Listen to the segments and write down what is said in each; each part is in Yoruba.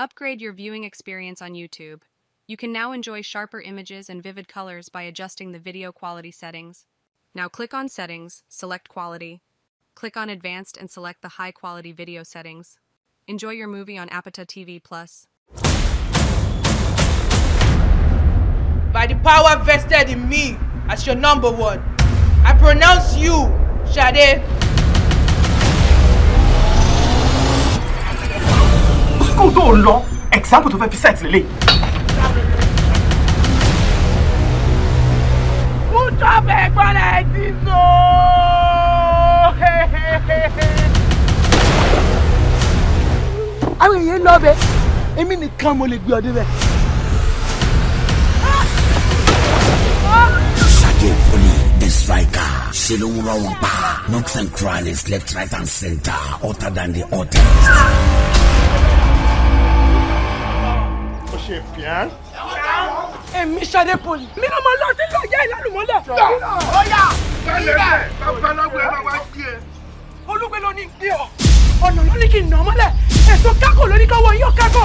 Upgrade your viewing experience on YouTube. You can now enjoy sharper images and vivid colors by adjusting the video quality settings. Now click on Settings, select Quality. Click on Advanced and select the High Quality Video settings. Enjoy your movie on Apata TV+. Plus. By the power vested in me as your number one, I pronounce you, Sade, school tó ń lọ example tó fẹ́ fi set lélẹ̀. kútọ́ bẹ̀ gbọ́dọ̀ ẹ so. àwọn èèyàn lọ bẹ èmi nìkan mo lè gbé ọdún bẹ. Ṣadé the striker ṣe ló ń rọ wọn pa knocks and cries left right and center hotter than the hottest ṣe fìán. èmi ṣadé poli mi ló mọ lọ sí lóye ìlànàmọ́lẹ̀. ọ̀yà kẹlẹ́lẹ̀ babaláwo ẹ wá di ẹ. olúgbẹ́ ló ní gbé ọ ọ̀nà ló ní kí n nà ọmọlẹ̀ èso kákò ló ní kọ́wọ́ yóò kákò.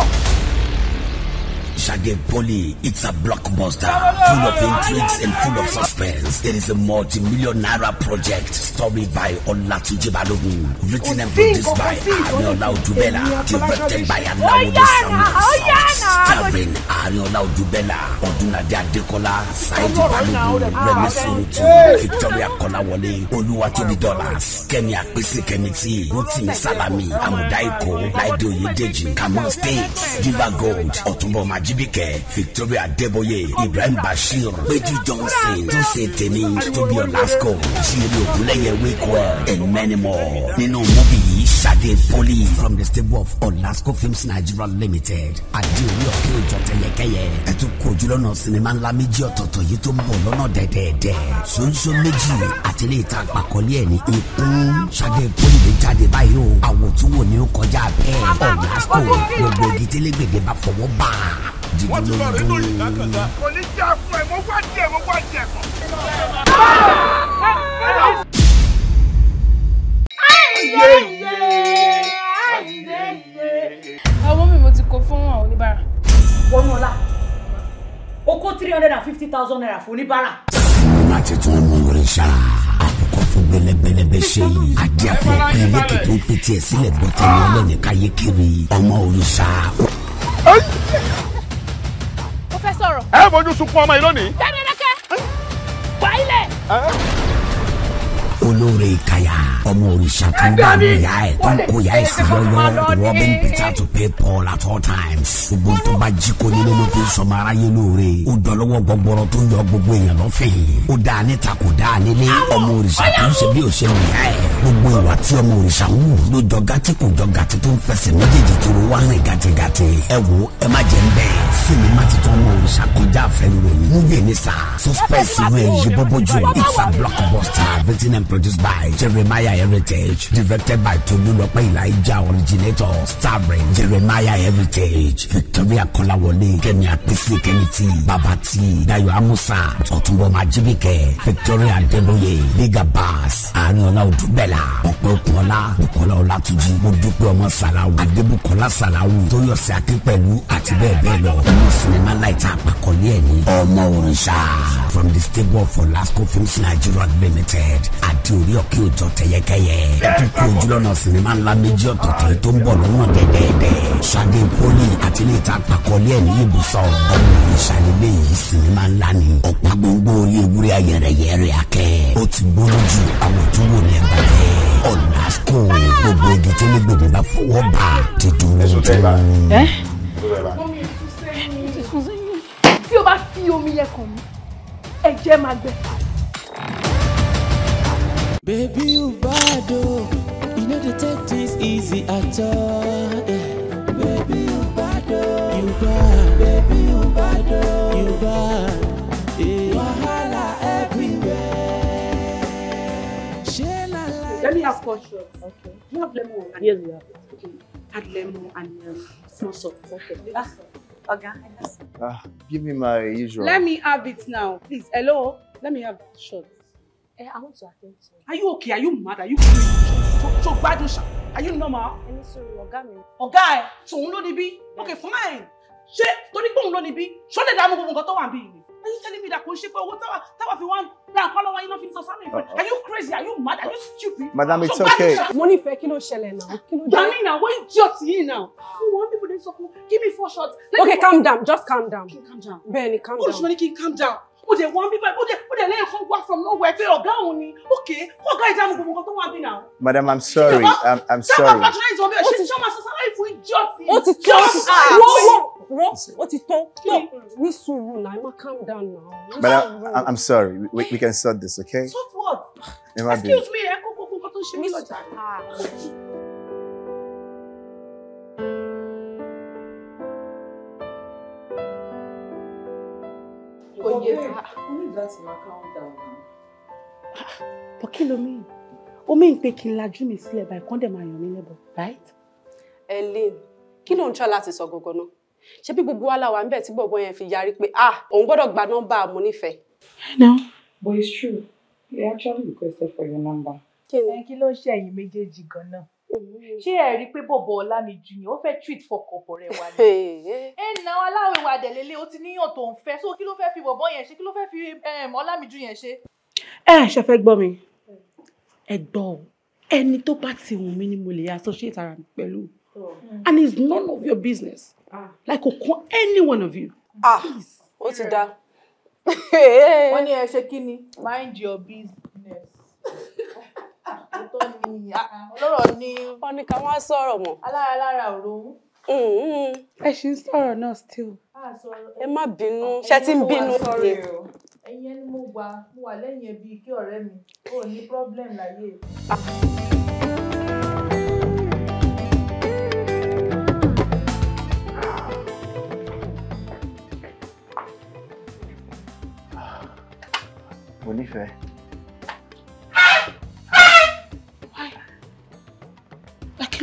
Shade Poly. It's a blockbuster full of intrigues and full of suspense. There is a multi-million naira project, story by Olatunji Balogun, written and produced by Ariola Odubela, directed by Anamudu Samuel, starring Ariola Odubela, Odunade Adekola, Saidi Balogun, Remi Surutu, Victoria Kolawole, Oluwatobi Dollars, Kenya Kemi Akpesekeniti, Rotimi Salami, Amudaiko, Laido Yedeji, Kamon States, Diva Gold, Otumbo Maji Ajibike Victoria Deboye, Ibrahim Bashir Beju Johnson Tose Temi Tobi Olasco Jiri Ogunleye Wakewell and many more. Nínú múbi yìí Sade Poli from the stable of Olasco Films Nigeria Limited Adeoye Ọ̀kẹ́ Òjò Tẹ̀yẹkẹ́yẹ Ẹ̀tún kó ojú lọ́nà sinimá ńlá méjì ọ̀tọ̀ọ̀tọ̀ yìí tó ń bọ̀ lọ́nà dẹ̀dẹ̀ẹ̀dẹ̀. Sonso méjì àtẹlẹ́ ìta àpàkọ́lé ẹ̀ ní ikú. Sade Poli lè jáde báyìí o. Àwòtúwò ni ó kọjá bẹ́ẹ̀. Olasco gbogbo igi tẹ́lẹ̀gbẹ̀dẹ̀ bá fọwọ́ bá a wọ́n ti lọ rẹ̀ lóyún ìdákàndá. kò ní jẹ́ àfún ẹ̀ mo wá díẹ̀ mo wá díẹ̀ kan. àwọn mi mo ti kó fún àwọn oníbàárà. wọnúọlá o three hundred and fifty thousand naira fún oníbàárà. sinimá ti tún mú orin ṣá àkókò ṣe yìí ajé àfọwọ́ pẹ́ẹ́lẹ́kì tó ń pété ẹ̀ sílẹ̀ gbọ́tẹ́ ní ọlọ́ọ̀nì káyé kiri ọmọ òrìṣà fẹ́ sọ̀rọ̀. ẹ fojú sunkún ọmọ yìí lónìí. bẹ́ẹ̀ rẹ́kẹ́ wà á ilẹ̀ olóore ìkàyà ọmọ òrìṣà tó bá mi yá ẹ̀ tó ń kó yá ẹ̀ sí yọ́yọ́ robbing Peter to pay Paul at all times gbogbo tó bá jí ko nínú ló fi sọmọ aráyé lóore ó jọ lọ́wọ́ gbọgbọrọ tó ń yọ gbogbo èèyàn lọ́fẹ̀ẹ́ ó dáa níta kò dáa nílé ọmọ òrìṣà tó ṣe bí òṣèlú yá ẹ̀ gbogbo ìwà tí ọmọ òrìṣà ń wù ló jọ gàtí kò jọ gàtí tó ń fẹsẹ̀ méjèèjì tó wá rìn gàtìgàtì ẹ wo ẹ má jẹ ń fíìmù má ti tọ́ ọmọ òrìṣà kọjá àfẹnuròyìn múvì ní sà suspense ìwé yìí bọ́bọ́jú it's a blockbuster produced by Jeremiah Heritage, directed by Tolulope Elijah, originator, starring Jeremiah Heritage, Victoria Kolawole, Kenya Apisi Keniti, Babati, Dayo Amusa, Otumbo Majibike, Victoria Deboye, Big Abbas, Aniola Odubela, Ọ̀pẹ Okunola, Bukola Olatuji, Modupe Ọmọ Salawu, Adebukola Salawu, Toyosi Akinpẹ̀lú, àti bẹ́ẹ̀ bẹ́ẹ̀ lọ. Inú sinimá láìta àpàkọ́lé ẹ̀ ní ọmọ from the stable for Lasco Films Nigeria Limited. Ad láti orí òkè òjò tẹ̀yẹkẹyẹ ẹ̀kúkú ojúlọ́nà sinimá ńlá méjì ọ̀tọ̀ọ̀tọ̀ tó ń bọ̀ lọ́nà dẹ́dẹ́dẹ́ ṣadé poli àti ilé ìta àpàkọ́lé ẹ̀ ní ibùsọ̀ ọ̀nà ìṣàlélẹ̀ yìí sinimá ńlá ni ọ̀pá gbogbo orí ewúrẹ́ ayẹrẹyẹrẹ akẹ́ ó ti gbóló ju àwọn òtúwò ní ọ̀nà àsìkò gbogbo igi tó ní gbòmí bá fọwọ́ bá ti dùn lẹ́yìn tó máa gbẹ baby you bad oh you know dey take this easy at all yeah. baby you bad oh you bad baby you bad oh you bad yeah. wahala everywhere. let me have four shots. Okay. you have lemon. yes we have. okay add lemon and uh, small salt. okay. Ah. okay. ah, give me my usual. Let me have it now, please. Hello, let me have shot. Eh, I want to attend to Are you okay? Are you mad? Are you crazy? So gbádùn ṣá. Are you normal? Ẹni sọ̀rọ̀ ọ̀gá mi. Ọ̀gá ẹ̀ tòun ló níbí. Okay fine. Ṣé torí pé òun ló níbí? Ṣó lè dààmú gbogbo nǹkan tó wà the yìí? Are you telling me that kò ṣe pé owó táwa the one? ń ra nǹkan lọ́wọ́ yín náà fi uh-huh. Are you crazy? Are you mad? Are you stupid? Madam, it's okay. Money for kí ló ṣẹlẹ̀ náà. Dami you wọ́n just here now? Who won people to sọ Give me four shots. Okay, calm down. Just calm down. Calm down. Bẹ́ẹ̀ni, calm down. Olùsùnmọ́ ni calm down. ó dẹ̀ wọ́n bíbá ó dẹ̀ ó dẹ̀ lẹ́yìn kan wá from nowhere pé ọ̀gá òun ni okay kó ọ̀gá ìjà mi gbogbo nǹkan tó wà bí náà. madam i'm sorry i'm i'm sorry. sábà pàtàkì ìjọba ẹ̀ ṣe ṣọ́mà sọ sáláì fún ìjọ ti. ó ti tán wọ́n wọ́n wọ́n ó ti tán náà ní sùúrù náà ẹ má calm down now. madam i'm i'm sorry we we can sort this okay. sort what? excuse me ẹ kó kókó kó tó ṣe mí lọ́jà. Ah. yé o me, láti máa káwọ́ntà ọ̀gá. bọ́ kí ló mean ó mean pé mi sílẹ̀ báyìí kán dẹ̀ máa yàn mí lẹ́bọ̀ right. Elin, kilo kí ló ń tọ́ láti sọ gangan náà wa làwọn àbẹ̀ tí bọ̀bọ̀ fi yarí pé ah òun gbọ́dọ̀ gba nọ́mbà mo nífẹ̀ẹ́. I know. But it's true. You actually requested for your number. kí ló ń ṣe ẹ̀yin méjèèjì gan-an ṣé ẹ rí i pé bọ̀bọ̀ ọ̀la mi jù yẹn ó fẹ́ treat fọkọ̀bọ̀ rẹ̀ wá ni. ẹ na aláwẹ̀ wà dẹ̀ lélẹ̀ ó ti níyàn tó ń fẹ́ so kí ló fẹ́ fi bọ̀bọ̀ yẹn ṣe kí ló fẹ́ fi ọ̀la mi jù yẹn ṣe. ẹ ṣe fẹ́ gbọ́ mi ẹ gbọ́ ọ ẹni tó bá ti wù mí ni mo lè associate ara mi pẹ̀lú hmm. and it's none of your business ah. like kò any one of you. ah ó ti da. wọ́n ní ẹ ṣe kí ni mind your business ọlọ́rọ̀ ni. wọ́n ní mm-hmm. ẹ ṣì ń sọ̀rọ̀ náà still. ẹ má bínú ṣe ti ń bínú. ẹyin ẹni mo wà mo wà lẹ́yìn ẹbí kí ọ̀rẹ́ mi ò ní problem láyé. mo nífẹ̀ẹ́.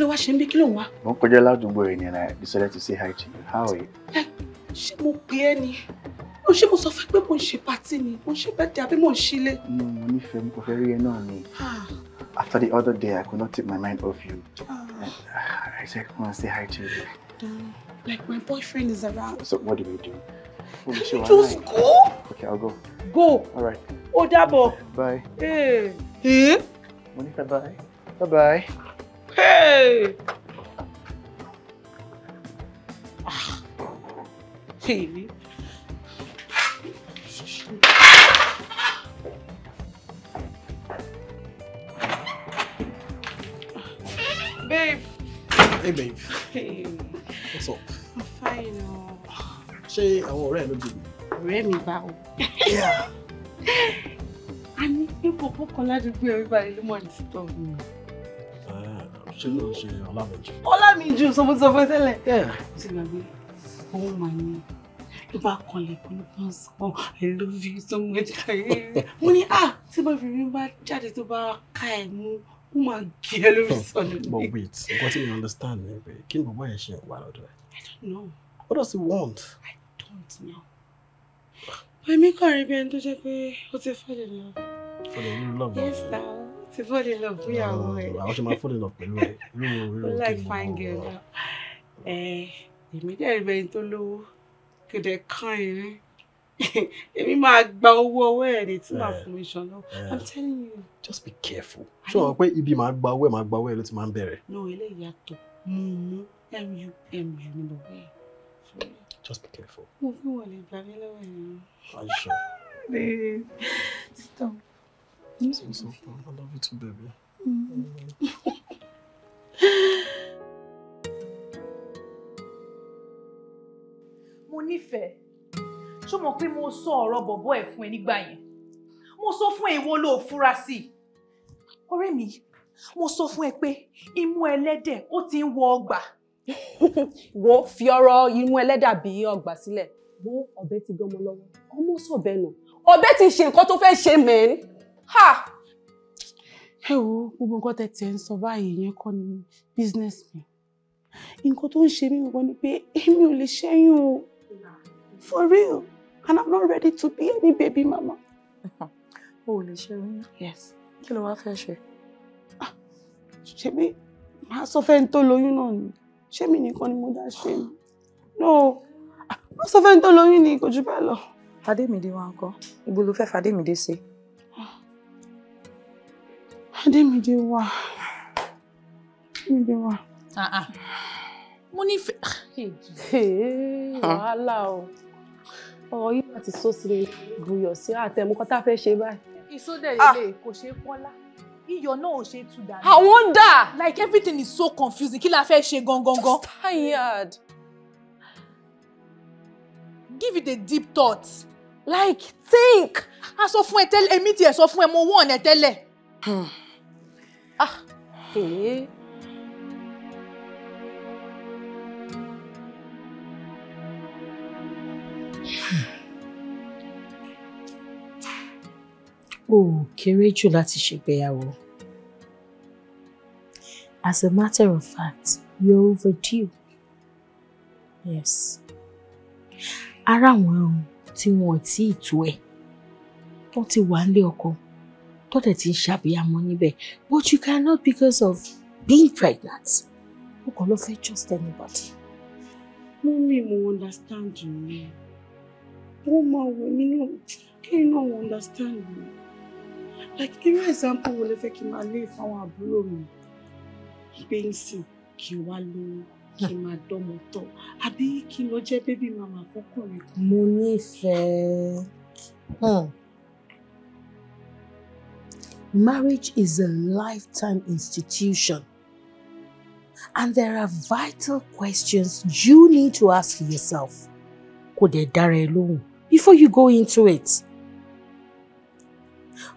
ló wá ṣe ń bí kí ló ń wá. mo ń kọjá ládùúgbò yìí ni decided to say hi to you how are you. ṣé mo pè é ni mo mo sọ fún ẹ mo ń ṣe ni mo ṣe bẹ́ẹ̀ dé mo ń ṣílé. mo nífẹ̀ẹ́ mo kò fẹ́ rí ẹ náà ni after the other day I could not take my mind off you uh, I said come and say hi to you. Um, like my boyfriend is around. So what do we do? Can you oh, just go? Okay, I'll go. Go. All right. Ó dàbọ̀. Bye. Hey. Eh. Eh? Hey. Monica, bye. Bye-bye. Hey, baby. Babe. Hey babe. Hey. What's up? I'm fine. Oh. Ṣé àwọn ọ̀rẹ́ ló dìbò? Ọ̀rẹ́ mi bá o. A ní pé pọ̀pọ̀ kan ládùúgbò ẹ̀rí balẹ̀ ló mọ̀ ní sítọ̀ mi ṣe náà ṣe ọlámìjú. ọlámìjú sọ mo ti sọ fún ẹ tẹ́lẹ̀. ṣe gbàgbé owó máa ní ló bá kanlẹ̀ kó ló bá ń sọ i love you so much. mo ní à ah, tí bá fi mi bá jáde tó bá ká ẹ̀ mú ó máa gé ẹ lórí hmm. sọ̀rọ̀ mi. but wait nǹkan tí mi understand ni pé kí ni bàbá yẹn ṣe wà lọ́dọ̀ ẹ̀. i don't know. what does he want. i don't know. Èmi kàn rí bí ẹni tó jẹ́ pé ó ti fọ́lẹ̀ lọ. Fọ́lẹ̀ lọ lọ́wọ́. Yes, now ti fall in love fún ah, ìyàwó ẹ. àwọn ṣe máa fall in love pẹ̀lú ẹ. like fine girl. èmi dẹ̀ rí bẹ́ẹ̀ tó lówó kò dẹ̀ kàn yín èmi máa gba owó ọwọ́ ẹ̀ ní tí màá eh, fún mi ṣan lọ eh. i'm telling you. just be careful ṣé o mọ̀ pé ibi màá gba owó ẹ̀ màá gba owó ẹ̀ ló ti máa ń bẹ̀rẹ̀. no eléyìí yàtọ̀ mu mu mu mu ni mo wẹ̀. just be careful. mo fi wọlé gbàgbé lọ́wọ́ ẹ̀. are sure. please stop. I'm so, so fun. I love you too, baby. Mm. mo nífẹ̀ẹ́ mo so ọ̀rọ̀ bọ̀bọ̀ ẹ̀ fún ẹ nígbà mo so fún ẹ lo furasi. fura mi mo so fún ẹ pé imú ẹlẹ́dẹ̀ ó ti ń ogba. wo fi ọ̀rọ̀ imú ẹlẹ́dẹ̀ bí ọgbà sílẹ̀ wo ọ̀bẹ ti gọmọ Omo so sọ̀bẹ nù ọ̀bẹ ti ṣe nǹkan tó fẹ́ ṣe mẹ́rin ha ẹ wo gbogbo nǹkan tẹ tiẹ̀ ń sọ báyìí yẹn kọ́ ni business mi nǹkan tó ń ṣe mí gbọ́ ni pé èmi ò lè ṣẹ́yún o for real and i'm not ready to be any baby mama. o ò lè ṣẹ́yún. yes. kí ló wá fẹ́ ṣe. Ah, ṣebí màá sọ fẹ́ ń tó lóyún náà ni ṣé mi nìkan ni mo dá ṣe no wọ́n ah, sọ fẹ́ ń tó lóyún ni kò jù bẹ́ẹ̀ lọ. Fadémidé wa ń kọ́ ibo ló fẹ́ Fadémidé ṣe. Adémidé wà. Adémidé ah, ah Mo nífẹ̀ẹ́. Ah, ah. Wàhálà o. Ọ̀rọ̀ yìí láti sọ sí buyọ̀ sí àtẹ̀mọ́kọ́ tá a fẹ́ ṣe báyìí. Ìsódẹ̀ lè kò ṣe é pọ́nlá. Iyọ̀ náà ò ṣe é tu dànù. I wonder. Like everything is so confusing. Kí la fẹ́ ṣe gangan Just tired. Give it a deep thought. Like think. A sọ fún ẹ tẹ́lẹ̀, èmi tiẹ̀ sọ fún ẹ, mo wọ̀n ẹ tẹ́lẹ̀. Hmm ah èyí. o ò kéré jù láti ṣègbéyàwó as a matter of fact you're overdue yes ara àwọn tí wọn ò tí ì tó ẹ wọn ti wà nílé ọkọ tó dẹ̀ ti ń ṣàbíyamọ níbẹ̀ but you cannot because of being pregnant o kò lọ fẹ́ trust anybody. Mummy mo understand you. ó máa wọ mí náà kí n náà understand mi like irú example wo lè fẹ́ kí n máa lé fáwọn àbúrò mi pé ń sìn kí n wá lóyún kí n máa dọ́mọ tọ́ àbí kí n lọ jẹ́ bébí màmá fọ́kùnrin. mo nífẹ̀ẹ́. Hmm. Marriage is a lifetime institution. And there are vital questions you need to ask yourself. Kò dẹ̀ before you go into it.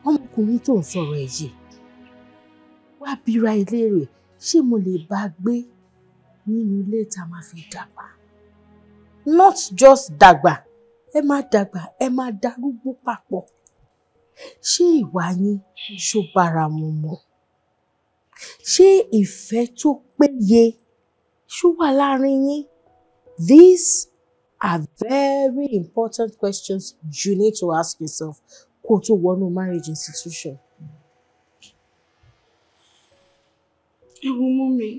Ọmọkùnrin tó ń sọ̀rọ̀ ẹ̀ yìí, wá bíra ilé rẹ̀, ṣé mo Not just Dagba. Emma Dagba. Emma ẹ máa ṣé ìwà yín ṣó bára mu mọ́ ṣé ìfẹ́ tó péye ṣó wà láàrin yín these are very important questions you need to ask yourself kó tó wọnú marriage institution. ẹ mú mi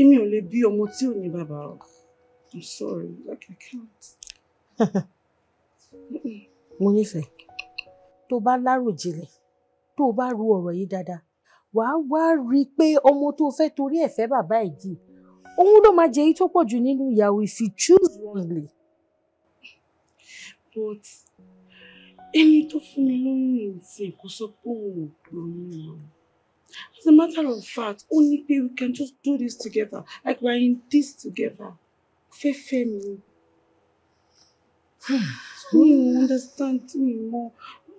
èmi ò lè bí ọmọ tí ò ní bàbá o i'm sorry like i can't. mo nífẹ̀ẹ́ tó bá láròjinlẹ̀ tó bá ro ọ̀rọ̀ yìí dáadáa wàá wá rí i pé ọmọ tó fẹ́ torí ẹ̀ fẹ́ bàbá ẹ̀ yìí òun ló máa jẹ èyí tó pọ̀ jù nínú ìyàwó if you choose wrongly. but ẹni tó fún mi lóyún ìsìn kò sọ pé òun ò lóyún náà. As a matter of fact, only way we can just do this together. Like we're in this together. Fair family. Hmm. so you understand me more.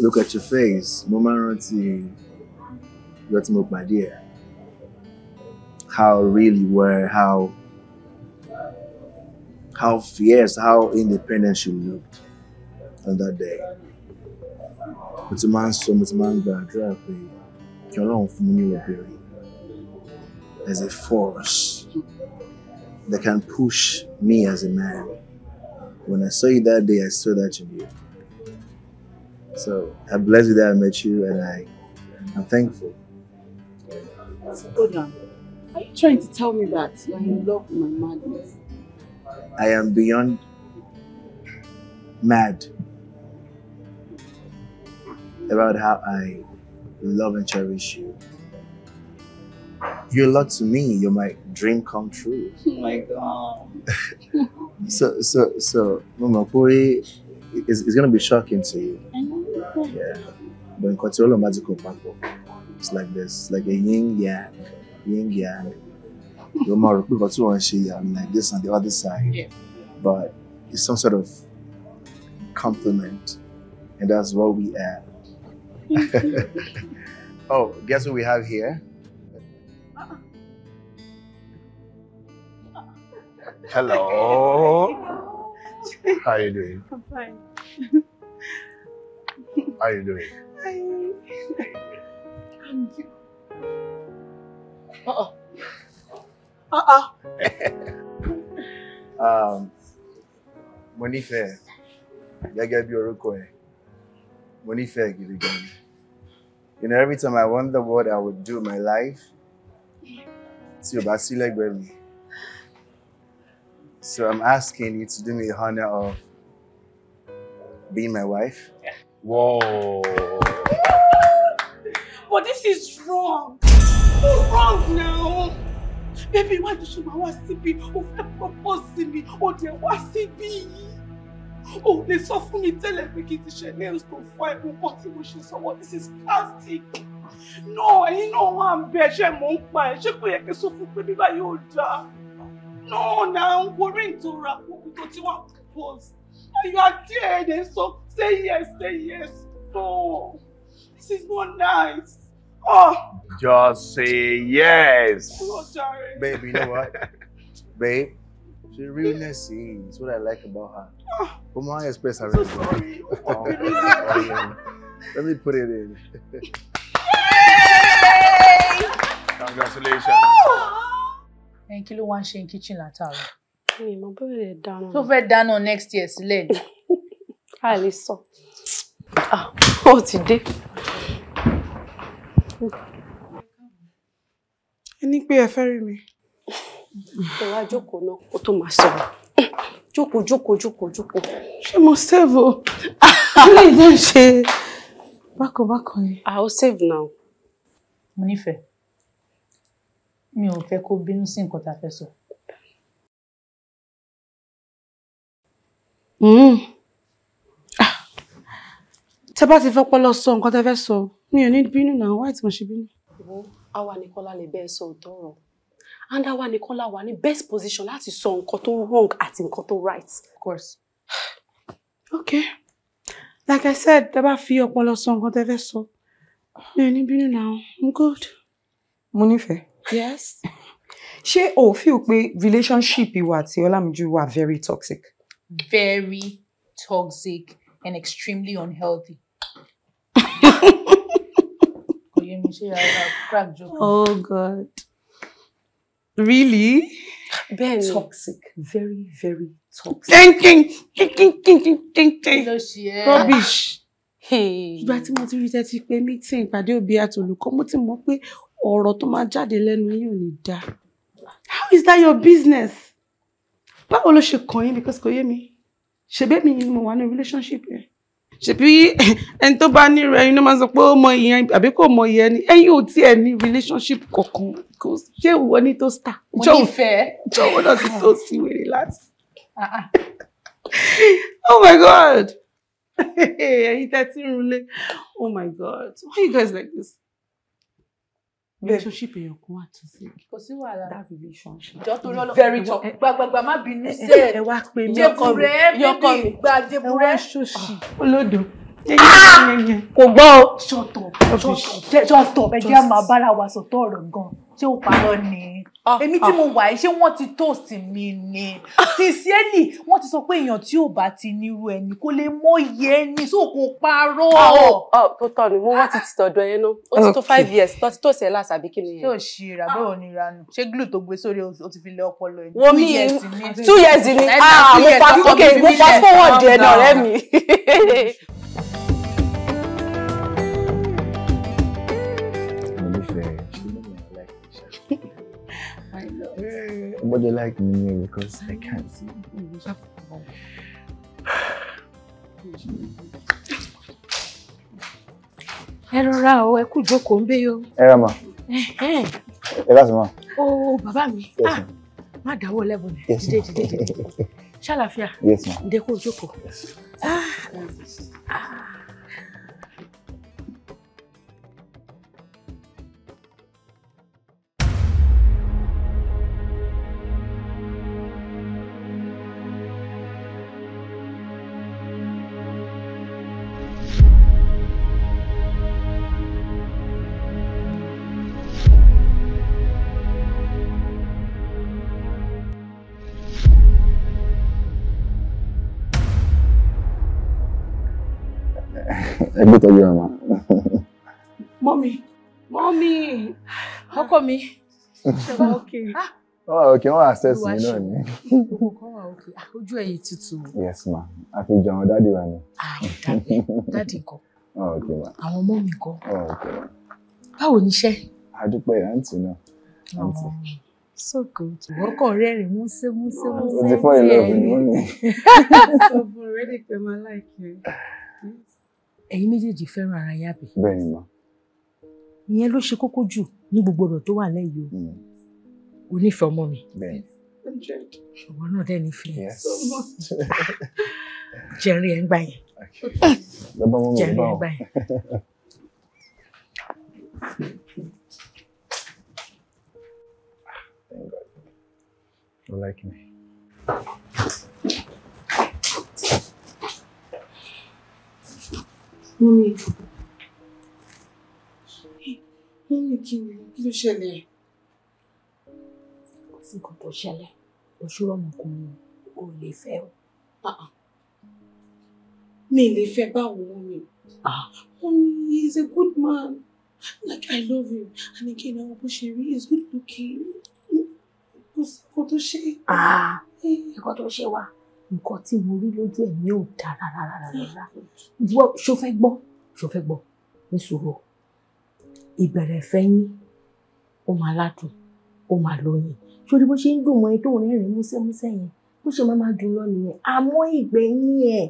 look at your face mo máa ń rántí ìjọ tí how real you were how how fierce how independent she looked on that day But a man's sọ mo man, máa ń you àdúrà pé kí ọlọ́run fún as a force that can push me as a man when I saw you that day I saw that in you. So I'm blessed that I met you and I, I'm thankful. Hold on. Are you trying to tell me that you're in love with my madness? I am beyond mad about how I love and cherish you. You're a lot to me. You're my dream come true. Oh my God. so, so, so, Mama Puri, it's, it's going to be shocking to you. Yeah. But in Cotterell Magical Papọ̀, it's like this, like a yin yang, yin yang. You're more people too she i like this on the other side. Yeah. But it's some sort of compliment. And that's what we add. oh, guess what we have here? Uh-uh. Hello. How are you doing? I'm fine. How are you doing? Hi. you. uh oh. uh oh. um, Monife, gẹ́gẹ́ bí orúkọ ẹ̀, Monife gidi gan. You know, every time I wonder what I would do in my life, it's your bá sí lẹ́gbẹ̀ẹ́ mi. So I'm asking you to do me the honor of being my wife. Yeah. Whoa. But this is wrong. It's wrong now. Baby, why do you wá síbí? Ó fẹ́ propose sí mi. Ó dẹ̀ wá síbí. Ó Oh, sọ fún mi me, pé kí n ti ṣe to fight? fọ́ ẹ̀kún kan tí mo ṣe sọ́wọ́. This is plastic. No, ẹ̀yin know I'm ń bẹ ẹṣẹ́ mò ń pa ẹ̀. Ṣé kò yẹ kí n sọ fún pé bíbá yóò dáa? No, na ń worí ìtura You tó ti wá propose. Ayọ̀ adé ẹ̀ dẹ̀ sọ Say yes, say yes. Oh, this is more nice. Oh. Just say yes. Oh, Babe, you know what? Babe, she realness is what I like about her. Ah. Oh, From how I am So sorry. Oh, oh, yeah. Let me put it in. Yay! Congratulations. Thank you, Luwanchi, wá kitchen látàárọ̀? Mi ò mọ bóyá ẹ next year's lead. a lè sọ ah, ó ti dé. ẹ ní pé ẹ fẹ́ rí mi. ẹ wá jókòó náà kó tó máa sọ̀rọ̀ jókòó jókòó jókòó jókòó. ṣé mo save o ilé ìdá ṣe bákanbákan yìí. a ó save now. mo nífẹ̀ẹ́ mi ò fẹ́ kó bínú sí nǹkan tá a fẹ́ sọ. Mm tẹ bá ti fọpọlọ sọ nǹkan tẹ fẹ́ sọ mi ò ní bínú náà wáyé tí mo ṣe bínú. àwa nìkan la lè bẹ́ẹ̀ sọ òótọ́ ọ̀rọ̀ and àwa nìkan la wà ní best position láti sọ nǹkan tó wrong àti nǹkan tó right. of course. okay like i said tẹ bá fi ọpọlọ sọ nǹkan tẹ fẹ́ sọ mi ò ní bínú náà i'm good. mo nífẹ̀ẹ́. yes. ṣé o ò feel pé relationship ìwà àti ọlámìjú wà very toxic. very toxic and extremely unhealthy oh god really. bẹ́ẹ̀ni toxic very very toxic. thinking thinking thinking thinking rubbish. ìgbà tí mo ti rí tẹ́tí pé meeting ìpàdé òbí àtolùkọ́ mo ti mọ̀ pé ọ̀rọ̀ tó máa jáde lẹ́nu yìí ò ní dáa how is that your business báwo ló ṣe kàn yín because kò yé mi ṣèbẹ́ mi ni mo wà ní relationship yẹn ṣebí ẹni tó bá ní rẹ iná máa sọ pé ó mọ ìyẹn àbí kò mọ ìyẹn ni ẹ̀yin ò tiẹ̀ ní relationship kankan kò ṣé ìwọ ní tó star. mo ní ìfẹ́. jọ̀wọ́ náà ti tó sí wèrè láti. Ah, ah. oh my god ẹ̀yin tẹ́ tí ń rúlé oh my god why you guys like this relationship èèyàn kan wà tó sí. kò sí wàhálà that relationship. ìjọ torí ọlọ́pàá very top eh, gbàgbàgbà má bínú eh, sẹ eh, ẹ wá pé mi ọkọ mi jẹbùrẹ mi ẹ wá ṣòṣì ah. olódò. Ah! kò gbọ́ o. ṣọ̀tọ̀ ṣọ̀tọ̀ ẹ̀jẹ̀ máa bára wa sọ̀tọ̀ ọ̀rọ̀ gan ṣé ó parọ́ ni ah, èmi ah. tí mo wà yìí ṣé wọ́n ti tóòsì mi ni ti sẹ́ẹ̀lì wọ́n ti sọ pé èèyàn tí ò bá ti nírú ẹni kò lè mọ iye ẹni tó kò parọ́. Oh, oh, tó tọ́ ni mo wá ti ti tọ̀dọ̀ yẹn náà ó ti tó five years tó ti tóòsì ẹ̀ láṣà bí kí nìyẹn. ṣé ò ṣe ra bẹ́ẹ̀ ò ní ranù ṣé glue tó gbé sórí o ti fi lé ọpọlọ ẹ̀. wo mi two years ni mo fast forward ẹ̀ náà rẹ́ mi. But they like me because I can't. Ẹ rọra o, ẹ kú ìjókòó ń bé o. Ẹ rà mà. Ẹ láti mà. O bàbá mi, ah, má dáwọ́ yes. rẹ̀, dídé dídé dídé. Ṣàlàfíà, ǹdẹ́kọ̀ ìjókòó. Ah, ah. tọ́jú ọmọ. mọ́mí mọ́mí ọkọ mi ṣọwọ́ òkè. Ah. wọ́n wà òkè wọ́n access mi náà ni. Ah, ojú ẹ̀yìn tutù. yes ma a fi jọ àwọn dáàdi wa ni. dáàdi kọ àwọn ọmọ mi kọ báwo ni iṣẹ́. àdúpẹ́ àǹtí náà àǹtí. So good. Wọ́n kàn rẹ́rìn-ín músẹ́ músẹ́ músẹ́. O ti fọ́ ìlọ́ọ̀bù ni wọ́n ní. Sọ fún rẹ́dí pé máa láìpẹ́ ẹ̀yin méjèèjì fẹ́ràn ara yá bẹ́ẹ̀. bẹ́ẹ̀ ni ma. ìyẹn ló ṣe kókó jù ní gbogbo ọ̀rọ̀ tó wà lẹ́yìn o. Hmm. o nífẹ̀ẹ́ ọmọ mi. bẹ́ẹ̀. ìwọ náà dẹ́ nífẹ̀ẹ́. jẹ̀rin ẹ̀ ń gbà yẹn. jẹ̀rin ẹ̀ ń gbà yẹn. Thank God. You like me. Mọ́mí. Mọ́mí kí ni kí ló ṣẹlẹ̀? Kò sí nǹkan tó ṣẹlẹ̀. Òṣùrọ̀ ọmọkùnrin kò lè fẹ́ o. Mi lè fẹ́ báwo mi. Ah. Mọ́mí he is a good man. Like I love him. And again, àwọn bó ṣe rí he is good looking. Kò sí nǹkan tó ṣe. Ah. Eh. Nǹkan tó ṣe wà nǹkan tí mo rí lójú ẹ̀ mi ò dá rárá rárá rárá wọ́ ṣó fẹ́ gbọ́ ṣó fẹ́ gbọ́ ní sùúrù ìbẹ̀rẹ̀ fẹ́ yín ó máa ládùn ó máa lóyìn sórí bó ṣe ń dùn mọ́ ẹ tó rẹ́rìn-ín músẹ́músẹ́ yẹn bó ṣe máa máa dùn lọ nìyẹn àmọ́ ìgbẹ̀yìn ẹ̀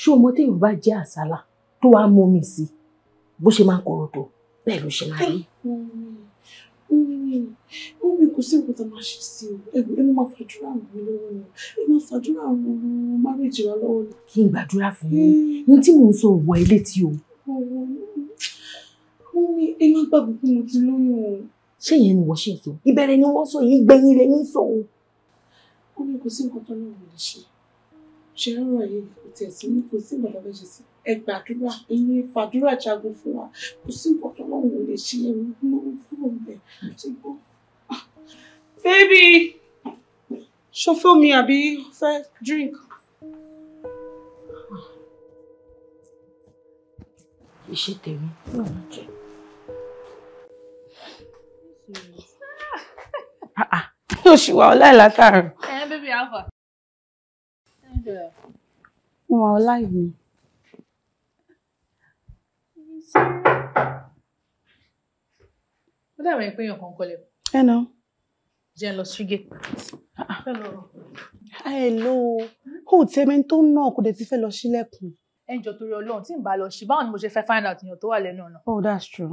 ṣé o mọ téèyàn bá jẹ́ àsálà tó wàá mú mi sí bó ṣe máa kọ̀rọ̀ tó bẹ́ẹ̀ ló ṣe máa rí ó mi kò sí nǹkan tá a máa ṣe sí o ẹ ẹ máa fàdúrà ràn mí lọ́wọ́ ni ẹ máa fàdúrà ràn márèjì wa lọ́wọ́ ni. kí n gbàdúrà fún yín hmm. ní tí mò ń sọ òwò ẹ létí o. mo ní ẹ má gbàgbé pé mo ti lóyún o. ṣé ìyẹn ni wọ́n ṣe sọ ìbẹ̀rẹ̀ ni wọ́n sọ yìí gbẹ̀yìn lẹ́ni sọ o. ó ní kò sí nǹkan tó náà wò ṣe ṣe rárá yìí kò tiẹ̀ sí kò sí ìgbàdàgbẹ́ ṣe sí ẹ gbàdúrà ẹ̀yin fàdúrà jagun fún wa kò sí nǹkan tó lọ́wọ́ ò lè ṣe ẹ̀rù lórí kúrò ńbẹ̀ ṣe gbọ́. Ah, bébì ṣó fẹ́ omi àbí fẹ́ drink. ìṣe tèmi náà ló jẹ. yóò ṣì wà ọláì látàárọ̀. ẹ bébì alfa. wọ́n wà ọláì mi ó dàbí pé èèyàn kan kọlẹ̀. ẹ nà. jẹ́ lọ sí gé. ẹ ah, Hello. Ah. o tẹ́mi tó náà kò dé ti fẹ́ lọ sílẹ̀kùn. ẹ jọ torí Ọlọ́run tí n bá lọ sí báwo ni mo ṣe fẹ́ find out èèyàn tó wà lẹ́nu ọ̀nà. oh that's true.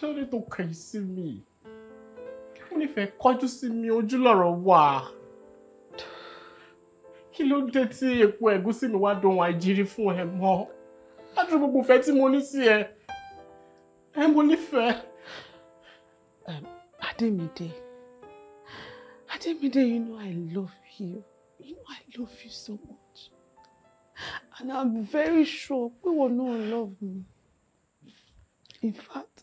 kí ló dé tó kẹ̀yìn sí mi ó nífẹ̀ẹ́ kọjú sí mi ojú lọ̀rọ̀ wà kí ló dé tí epo ẹ̀gúsí mi wá dohun àìjírí fún ẹ mọ́ láti gbogbo ìfẹ́ tí mo ní sí ẹ ẹ mo nífẹ̀ẹ́. Adémídé Adémídé you know I love you you know I love you so much and I'm very sure pé wọn náà love me in fact